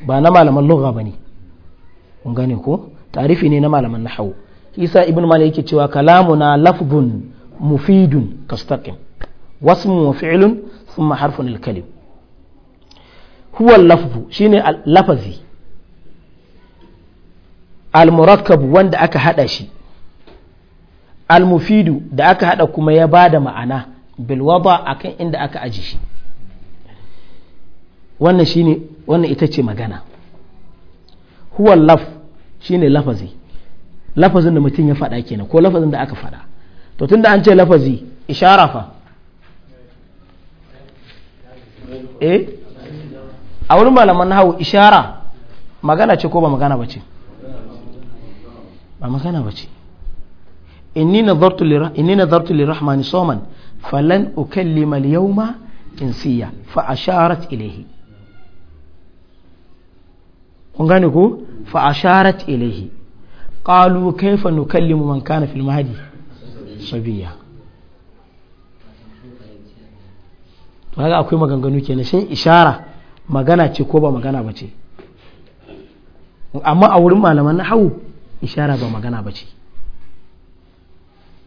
ba na malaman lugha bane kun gane ko ta'arifi ne na malaman nahawu isa ibn malik yake cewa kalamuna lafdun mufidun kastaqim wasmu wa fi'lun thumma harfun al-kalim huwa al-lafzu shine lafazi al-murakkab wanda aka hada shi al-mufidu da aka hada kuma ya bada ma'ana bilwaba akan inda aka aji shi wannan shine wannan ita ce magana huwa laf shine lafazi lafazin da mutum ya faɗa kenan ko lafazin da aka faɗa to tunda an ce lafazi ishara fa eh a wurin malaman nahawu ishara magana ce ko ba magana ba ce ba magana ba ce inni nazartu lirahmani soman falan أكلم اليوم yawma فأشارت fa ونغانيكو فأشارت kun قالوا كيف fa من كان في المهدي nukallimu man to haka akwai maganganu kenan shin ishara magana ce ko ba magana ba ce amma a wurin malaman na hau ishara ba magana ba ce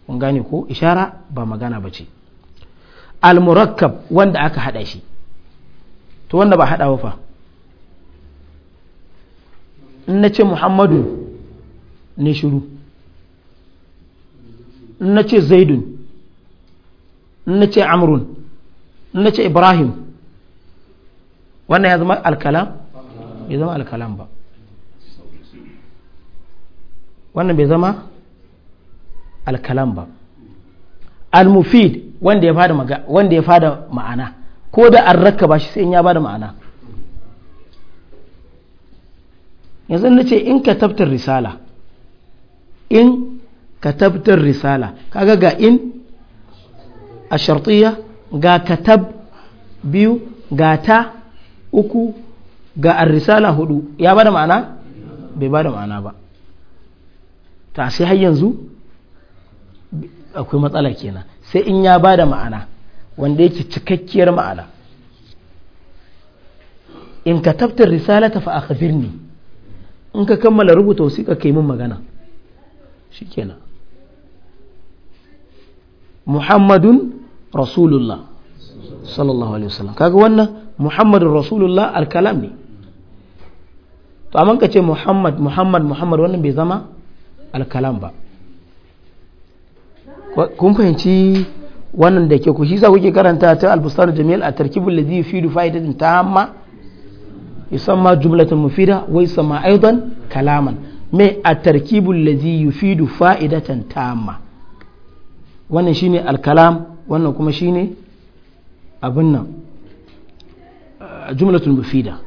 kun ko ishara ba magana ba ce al-murakkab wanda aka haɗa shi to wanda ba hada fa in na ce muhammadu ne shiru in na ce zaidun in na ce amrun in na ce ibrahim wannan ya zama alkalam bai zama alkalam ba wannan bai zama alkalam ba al-mufid wanda ya fada ma'ana ko da an rakkaba shi sai in ya bada ma'ana yanzu na ce in ka tabtar risala in ka tabtar risala kaga ga in a shartiya ga katab biyu ga ta uku ga an risala hudu ya bada ma'ana bai bada ma'ana ba ta sai har yanzu akwai matsala kenan sai in ya bada ma'ana wanda yake cikakkiyar ma'ana in ka tabtar risalata fa akhbirni in ka kammala rubuta ka kai min magana shikenan muhammadun rasulullah sallallahu alaihi wasallam kaga wannan muhammadun rasulullah alkalam ne to amma ka ce muhammad muhammad muhammad wannan bai zama alkalam ba kun fahimci wannan da ke ku shi kuke karanta ta albustan jamil a tarkibul ladhi yufidu fa'idatin tamma yusamma jumlatan mufida wa yusamma aidan kalaman mai a tarkibul ladhi yufidu fa'idatan tamma wannan shine alkalam wannan kuma shine abin nan jumlatul mufida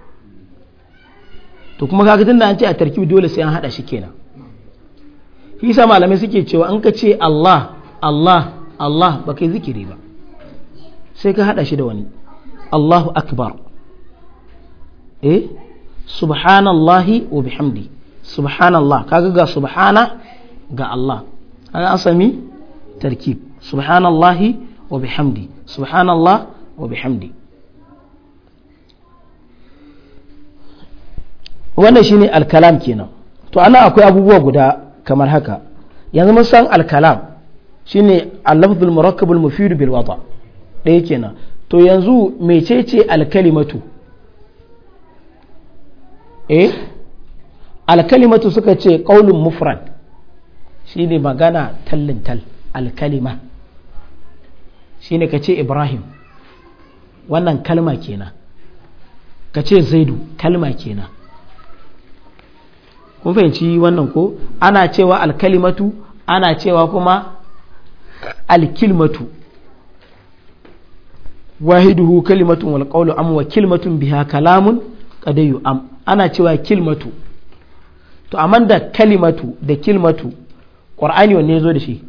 to kuma kaga tunda an ce a tarkibi dole sai an hada shi kenan shi sa malamai suke cewa an ka ce Allah Allah Allah ba kai zikiri ba sai ka haɗa shi da wani Allahu akbar eh subhanallahi wa bihamdi subhanallah kaga ga subhana ga Allah an sami tarkib subhanallahi wa bihamdi subhanallah wa bihamdi wannan shine alkalam kenan to ana akwai abubuwa guda kamar haka yanzu mun san alkalam shine al-lafzul murakkabul mufid bil wada ɗaya kenan to yanzu mecece al-kalimatu eh al-kalimatu suka ce qaulun mufrad shine magana tallin tal al-kalima shine kace ibrahim wannan kalma kenan kace zaidu kalma kenan kun fahimci wannan ko ana cewa al-kalimatu ana cewa kuma alkilmatu wahiduhu kalimatun wal am wa kilmatun biha kalamun qadayu am ana cewa kilmatu to amma da kalimatu da kilmatu qur'ani wanne yazo da shi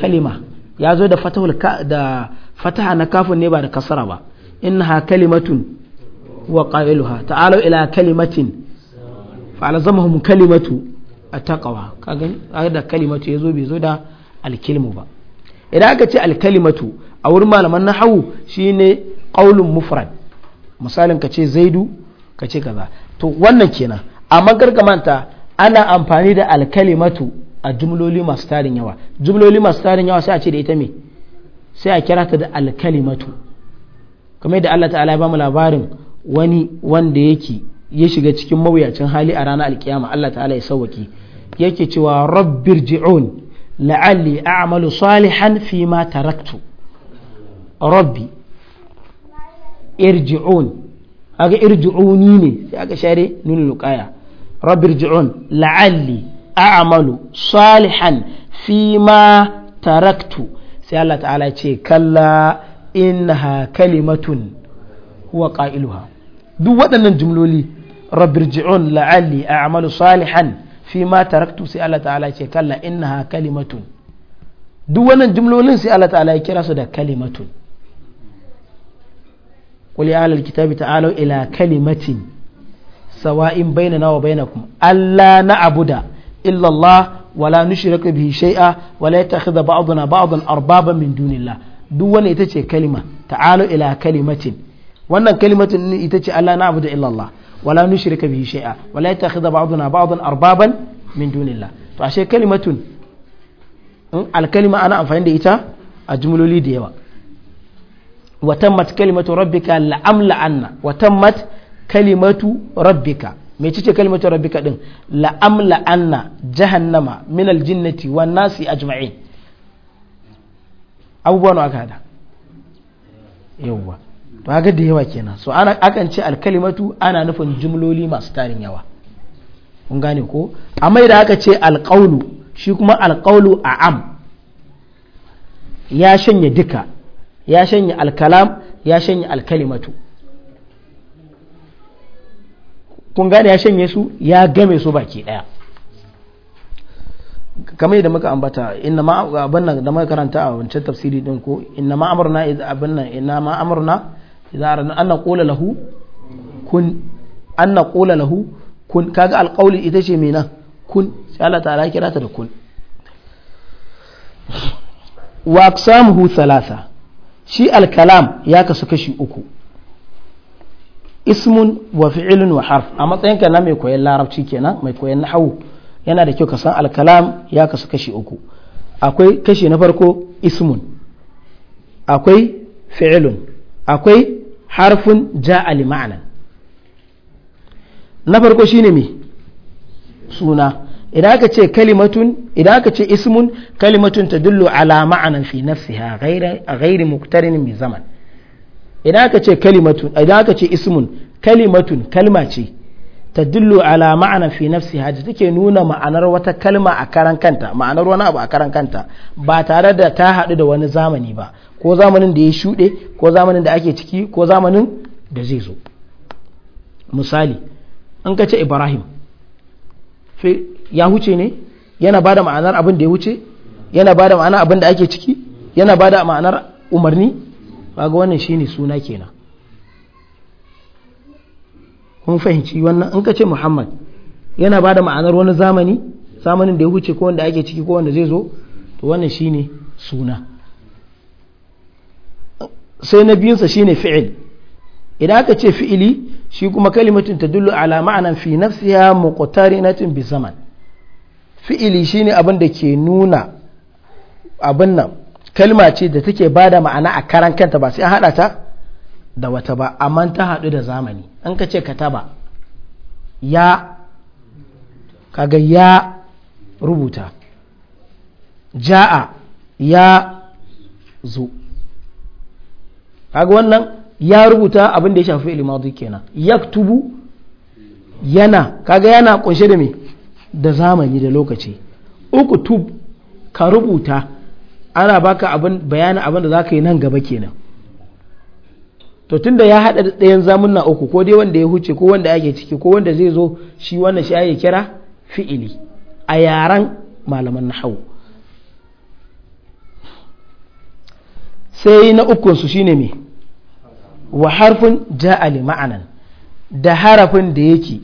kalima ya zo da fatahul da fataha na kafin ne ba da kasara ba innaha kalimatun wa qailuha ta'alu ila kalimatin fa alzamahum kalimatu attaqwa kaga da kalimatu yazo bai zo da alkilmu ba idan aka ce alkalimatu a wurin malaman nahawu shine qaulun mufrad misalin ka ce zaidu ka ce kaza to wannan kenan amma gargamanta ana amfani da alkalimatu a jumloli masu tarin yawa jumloli masu tarin yawa sai a ce da ita me sai a kira ta da alkalimatu kamar da Allah ta'ala ya ba mu labarin wani wanda yake ya shiga cikin mawuyacin hali a ranar alkiyama Allah ta'ala ya sauwaki yake cewa rabbirji'un la'alli a'malu salihan fi ma taraktu rabbi irji'un aga irji'uni ne sai share nuna luqaya rabbi irji'un la'alli a'malu salihan fi ma taraktu sai Allah ta'ala ce kalla innaha kalimatun huwa qailuha duk waɗannan jumloli rabbi irji'un la'alli a'malu salihan fi ma taraktu sai Allah ta'ala ce kalla innaha kalimatun duk wannan jumlolin sai Allah ta'ala ya kira su da kalimatun qul ya kitabi ta'alu ila kalimatin sawa'in bainana wa bainakum alla na'budu illa Allah wala nushrika bihi shay'a wala yattakhidha ba'duna ba'dan arbaba min dunillah duk wannan ita ce kalima ta'alu ila kalimatin wannan kalimatin ita ce Allah na'budu illa Allah wala nushrika bihi shay'a wala yattakhidha ba'duna ba'dan arbaban min dunillah to ashe kalimatun in alkalima ana amfani da ita a jumloli da yawa wa tammat kalimatu rabbika la'amla anna wa tammat kalimatu rabbika me ce kalimatu rabbika din la'amla anna jahannama min aljinnati wan nasi ajma'in abubuwan aka hada yawwa to ga da yawa kenan so ana akan ce alkalimatu ana nufin jumloli masu tarin yawa kun gane ko amma da aka ce alƙaulu shi kuma alƙaulu a am ya shanye duka ya shanye alkalam ya shanye alkalimatu kun gane ya shanye su ya game su baki daya kamar yadda muka ambata inna ma abin nan da muka karanta a wancan tafsiri din ko inna ma amurna abin abanna inna ma amurna. idza arana an naqula lahu kun an naqula lahu kun kaga ita ce mena kun sai Allah ta'ala kira ta da kun wa aqsamuhu thalatha shi alkalam ya kasu kashi uku ismun wa fi'ilun wa harf a matsayin ka na mai koyon larabci kenan mai koyon nahwu yana da kyau ka san alkalam ya kasu kashi uku akwai kashi na farko ismun akwai fi'ilun akwai harfun ja'a ma'ana ma'anan na farko shine me suna idan aka ce kalimatun idan aka ce ismun kalimatun tadullu ala ma'anan fi nafsiha a ghairi muktarin mai zaman idan aka ce kalimatun idan aka ce ismun kalimatun kalma ce tadullu ala ma'ana fi nafsiha da take nuna ma'anar wata kalma a karan kanta ma'anar wani abu a karan kanta ba tare da ta haɗu da wani zamani ba ko zamanin da ya shuɗe ko zamanin da ake ciki ko zamanin da zai zo misali an ka ce ibrahim ya huce ne yana ba da ma'anar abin da ya wuce yana ba da ma'anar abin da ake ciki yana ba da ma'anar umarni ga wannan shine suna kenan kun fahimci wannan in ka ce muhammad yana ba da ma'anar wani zamani zamanin da ya wuce ko wanda ake ciki ko wanda zai zo to wannan shine suna sai na biyunsa shine fi'il idan aka ce fi'ili shi kuma ta dullu ala ma'anan fi nafsiha tun bi zaman fi'ili shine abin da ke nuna abin nan kalma ce da take bada ma'ana a karan kanta ba sai haɗa ta da wata ba amma ta haɗu da zamani an ka ce kataba ya kaga ya rubuta ja'a ya zo kaga wannan ya rubuta abin da ya shafi fi'il madi kenan yaktubu yana kaga yana kunshe da me da zamani da lokaci uku tub ka rubuta ana baka abin bayanin abin da zaka yi nan gaba kenan to tunda ya hada da ɗayan zamunna uku ko dai wanda ya huce ko wanda ake ciki ko wanda zai zo shi wannan shi ake kira fi'ili a yaran malaman nahawu sai na su shine me wa harfin ja'ali ma'anan da harafin da yake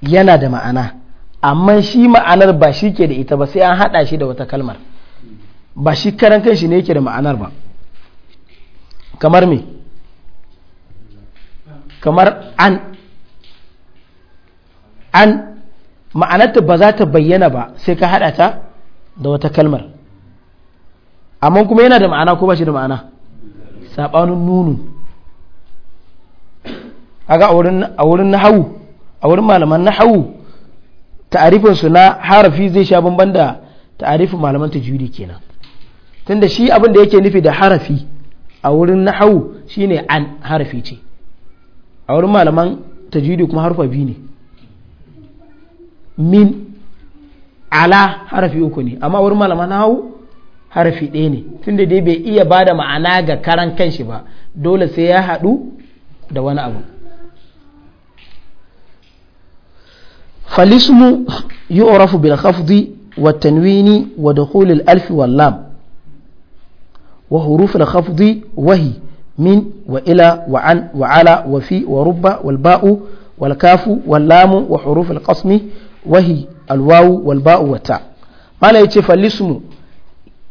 yana da ma'ana amma shi ma'anar ba shi ke da ita ba sai an haɗa shi da wata kalmar ba shi karan kanshi ne yake da ma'anar ba kamar me kamar an an ma'anarta ba za ta bayyana ba sai ka haɗa ta da wata kalmar amma kuma yana da ma'ana ko ba shi da ma'ana saɓanin nunu aga a wurin nahawu a wurin malaman nahawu ta'arifin su na harafi zai sha bamban da ta'arifin malaman tajwidi kenan tunda shi abin da yake nufi da harafi a wurin nahawu shine an harafi ce a wurin malaman tajwidi kuma harfa bi ne min ala harafi uku ne amma wurin malaman nahawu harafi ɗaya ne tunda dai bai iya bada ma'ana ga karan kanshi ba dole sai ya haɗu da wani abu فالاسم يعرف بالخفض والتنوين ودخول الألف واللام وحروف الخفض وهي من وإلى وعن وعلى وفي ورب والباء والكاف واللام وحروف القسم وهي الواو والباء والتاء ما لا يتفى الاسم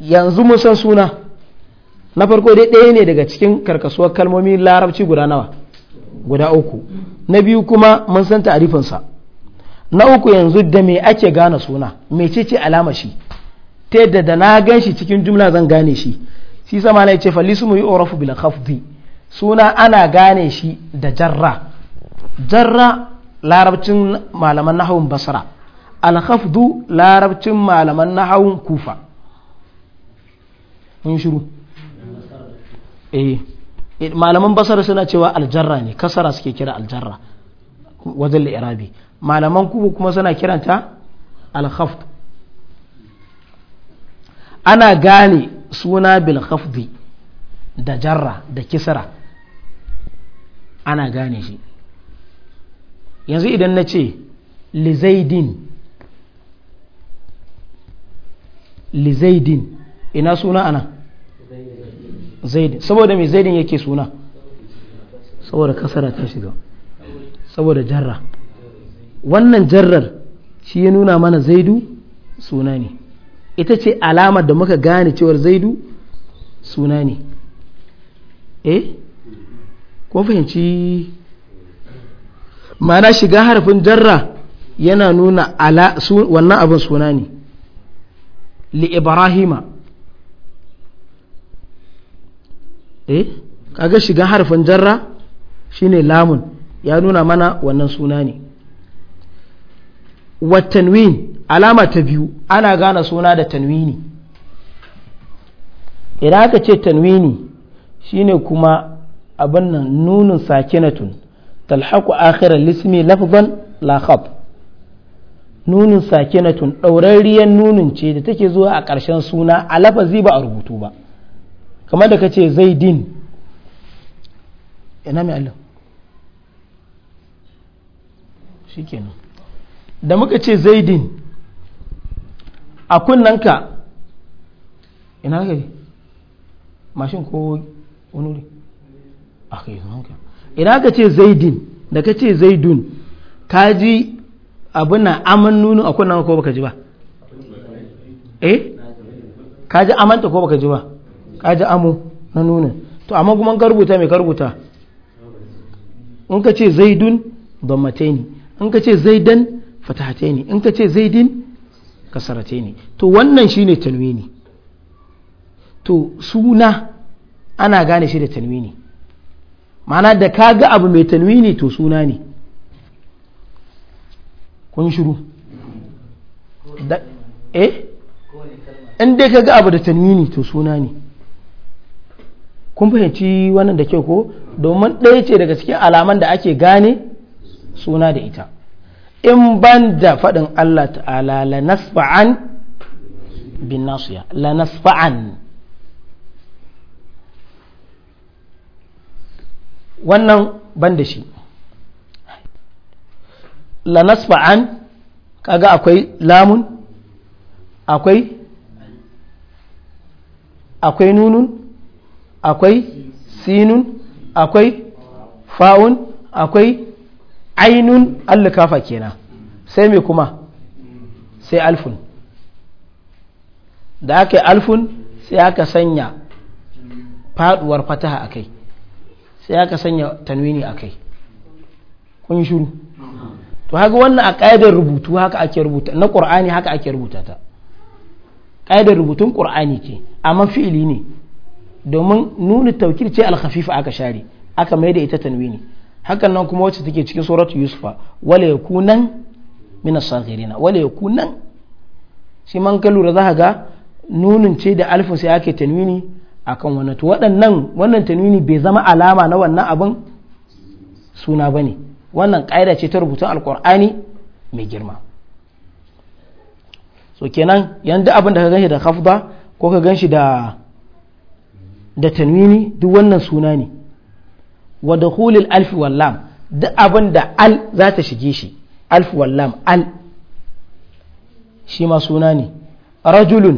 ينظم سنسونا na farko dai ɗaya ne daga cikin karkasuwar kalmomin larabci guda nawa guda uku na biyu kuma mun san ta'arifinsa na uku yanzu da me ake gane suna mecece alama shi ta yadda da na gan shi cikin jumla zan gane shi shi sama na ce mu yi orafu bil khafdi suna ana gane shi da jarra jarra larabcin malaman nahawun basra al khafdu larabcin malaman nahawun kufa mun shiru eh, eh malaman basara suna cewa aljarra ne kasara suke kira aljarra wajen li'irabi malaman kubu kuma suna kiranta alhaft ana gane suna bilhafdi da jarra da kisra ana gane shi yanzu idan na ce lizaidin lizaidin ina suna ana zaidin saboda mai zaidin yake suna saboda kasara ta shiga saboda jarra wannan jarrar shi ya nuna mana zaidu suna ne ita ce alamar da muka gane cewar zaidu suna ne eh ko fahimci ma'ana shiga harafin jarra yana nuna ala wannan abin suna ne li ibrahima eh kaga shiga harafin jarra shine lamun ya nuna mana wannan suna ne wa tanwin alama ta biyu ana gane suna da tanwini idan aka ce tanwini shine kuma abin nan nunin sakinatun talhaku akira lismi lafzan la nunin sakinatun ɗaurarriyar nunin ce da take zuwa a ƙarshen suna a lafazi ba a rubutu ba kamar da ka ce zaidin ina mai allah da muka ce zaidin a kunnanka ina kai mashin ko wani wuri a kai zuwanka ina ka ce zaidin da ka ce zaidun ka ji abin na aman nunu a kunnanka ko baka ji ba eh ka ji amanta ko baka ji ba ka ji amo na nunin to amma kuma ka rubuta mai ka in ka ce zaidun don mataini in ka ce zaidan fatahataini in ka ce zaidin kasarataini to wannan shine tanwini to suna ana gane shi da tanwini ma'ana da ka ga abu mai tanwini to suna ne kun shiru da eh in dai ka ga abu da tanwini to suna ne kun fahimci wannan da kyau ko domin ɗaya ce daga cikin alaman da ake gane suna da ita in ban da faɗin Allah ta'ala la nasfa'an bin nasiya la nasfa'an wannan ban da shi la nasfa'an kaga akwai lamun akwai akwai nunun akwai sinun akwai fa'un akwai ainun allukafa kenan sai me kuma sai alfun da aka yi alfun sai aka sanya faduwar fataha a kai sai aka sanya tanwini a kai kun shuru to haka wannan a ƙa'idar rubutu haka ake rubuta na ƙur'ani haka ake rubuta ta ƙa'idar rubutun ƙur'ani ke amma fi'ili ne domin nuna taukir ce alkhafifa aka share aka mai da ita tanwini hakan nan kuma wacce take cikin suratu yusufa ya yakunan min as-saghirina wala yakunan shi man ka lura zaka ga nunin ce da alfin sai ake tanwini akan wannan to waɗannan wannan tanwini bai zama alama na wannan abin suna bane wannan ƙa'ida ce ta rubutun alqur'ani mai girma so kenan yanda abin da ka ganshi da khafda ko ka ganshi da da tanwini duk wannan suna ne wa dukhulil alf duk abin da al za ta shige shi alf wal al shi ma suna ne rajulun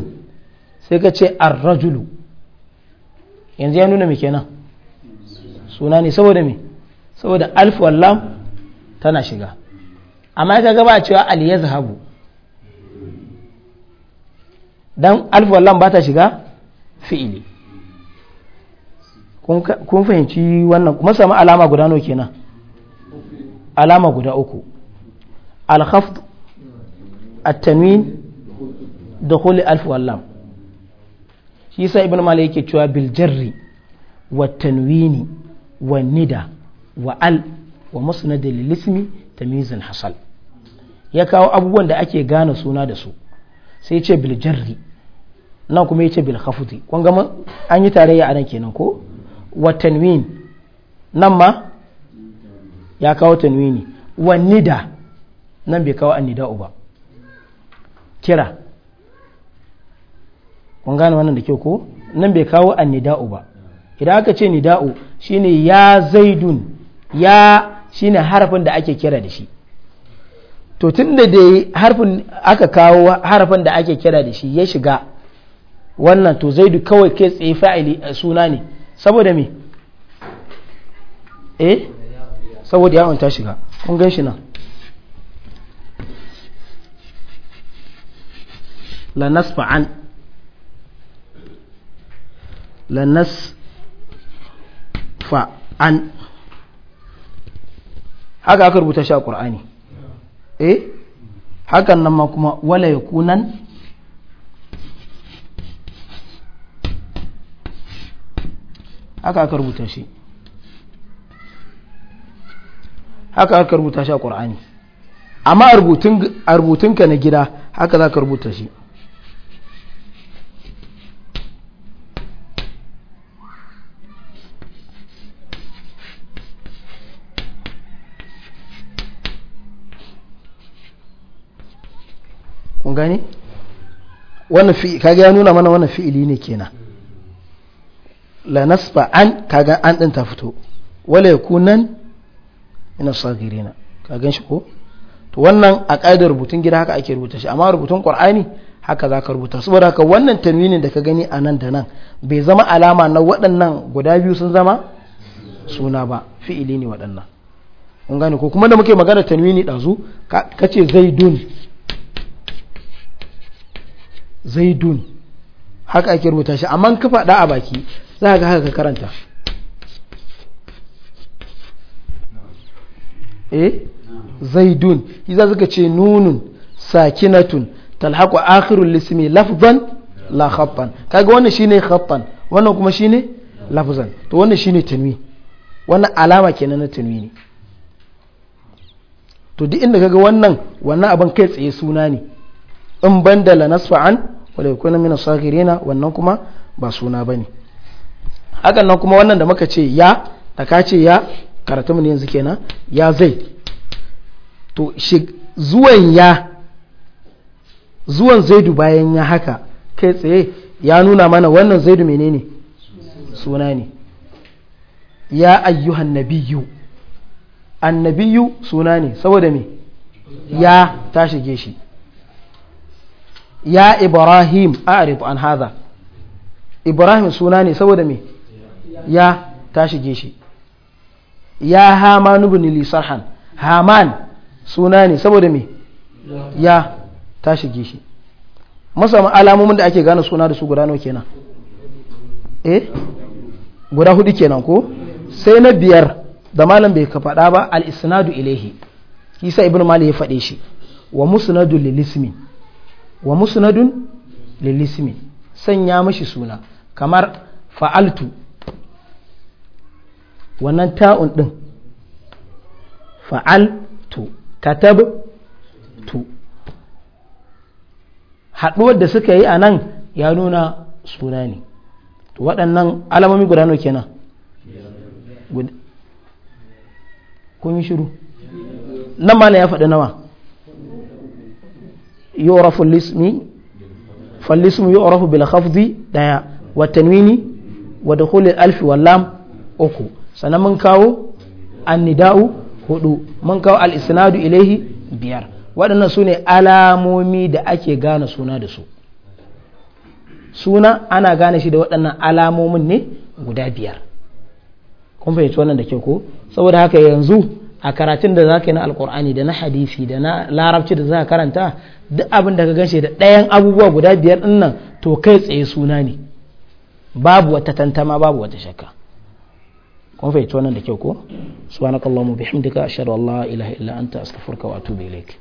sai ka ce ar-rajulu yanzu ya nuna me kenan suna ne saboda me saboda alf wal tana shiga amma ka gaba cewa al ya zahabu don wal lam ba ta shiga fi'ili kun fahimci wannan kuma samu alama guda nawa kenan alama guda uku al-khafd at-tanwin dukhul alf wallam shi sa ibnu malik yake cewa biljarri jarri tanwini wa nida wa al wa musnad lil ismi mizan hasal ya kawo abubuwan da ake gane suna da su sai ce bil jarri nan kuma ce bil khafdi kun ga an yi tarayya a nan kenan ko wa tanwin nan ma ya kawo tanwini wa nida nan bai kawo annida ba kira kun gane wannan da kyau ko nan bai kawo annida ba idan aka ce nida'u shine ya zaidun ya shine harafin da ake kira da shi to tun da dai harfin aka kawo harafin da ake kira da shi ya shiga wannan to zaidu kawai kai tsaye fa'ili eh, suna ne saboda me eh saboda yawon ta shiga kun gan shi nan lanasfa an lanasfa an haka aka rubuta shi a ƙur'ani eh hakan nan ma kuma wala ya kunan haka aka rubuta shi haka aka rubuta shi a ƙur'ani amma a rubutunka na gida haka za ka rubuta shi kun gani wannan fi kaga ya nuna mana wannan fi'ili ne kenan la nasba an kaga an din ta fito wala yakunan ina sagirina gan shi ko to wannan a ƙa'idar rubutun gida haka ake rubuta shi amma rubutun qur'ani haka za ka rubuta saboda haka wannan tanwinin da ka gani a nan da nan bai zama alama na waɗannan guda biyu sun zama suna ba fi'ili ne waɗannan kun gane ko kuma da muke magana tanwini ɗazu ka ce zaidun zaidun haka ake rubuta shi amma ka faɗa a baki za ga haka karanta eh zaidun iza suka ce nunun sakinatun talhaqu akhirul ismi lafzan la khaffan kaga wannan shine khaffan wannan kuma shine lafzan to wannan shine tanwi wannan alama kenan na tanwi ne to duk inda kaga wannan wannan abin kai tsaye suna ne in bandala nasfa'an wala yakuna min as-saghirina wannan kuma ba suna bane hakan nan kuma wannan da muka ce ya da ka ce ya karatu mu ne yanzu kenan ya zai to zuwan ya zuwan zaidu bayan ya haka kai tsaye ya nuna mana wannan zaidu menene suna ne ya ayyuhan nabiyu annabiyu suna ne saboda me ya ta shige shi ya ibrahim a'rif an haza ibrahim suna ne saboda me ya ta shige shi ya haman ibn li sarhan haman suna ne saboda me ya ta shige shi musamman alamomin da ake gane suna da su guda nawa kenan eh guda hudu kenan ko sai na biyar da malam bai ka faɗa ba al-isnadu ilaihi kisa ibn mali ya faɗe shi wa musnadun ismi wa musnadun lilismi sanya mashi suna kamar fa'altu wannan ta'un ɗin fa'al tu katab tu haɗuwar da suka yi a nan ya nuna suna ne to waɗannan alamomi guda nawa kenan kun yi shiru nan mana ya faɗi nawa yorafu lismi fallismu yorafu bil khafdi daya wa tanwini wa dukhulil alfi wal lam uku sannan mun kawo annida'u hudu mun kawo al-isnadu ilaihi biyar waɗannan su ne alamomi da ake gane suna da su suna ana gane shi da waɗannan alamomin ne guda biyar kun fahimci wannan da ke ko saboda haka yanzu a karatun da zaka yi na alkur'ani da na hadisi da na larabci da za karanta duk abin da ka ganshi da ɗayan abubuwa guda biyar ɗin to kai tsaye suna ne babu wata tantama babu wata shakka kun fahimci wannan da kyau ko subhanakallahumma bihamdika ashhadu an la ilaha illa anta astaghfiruka wa atubu ilaik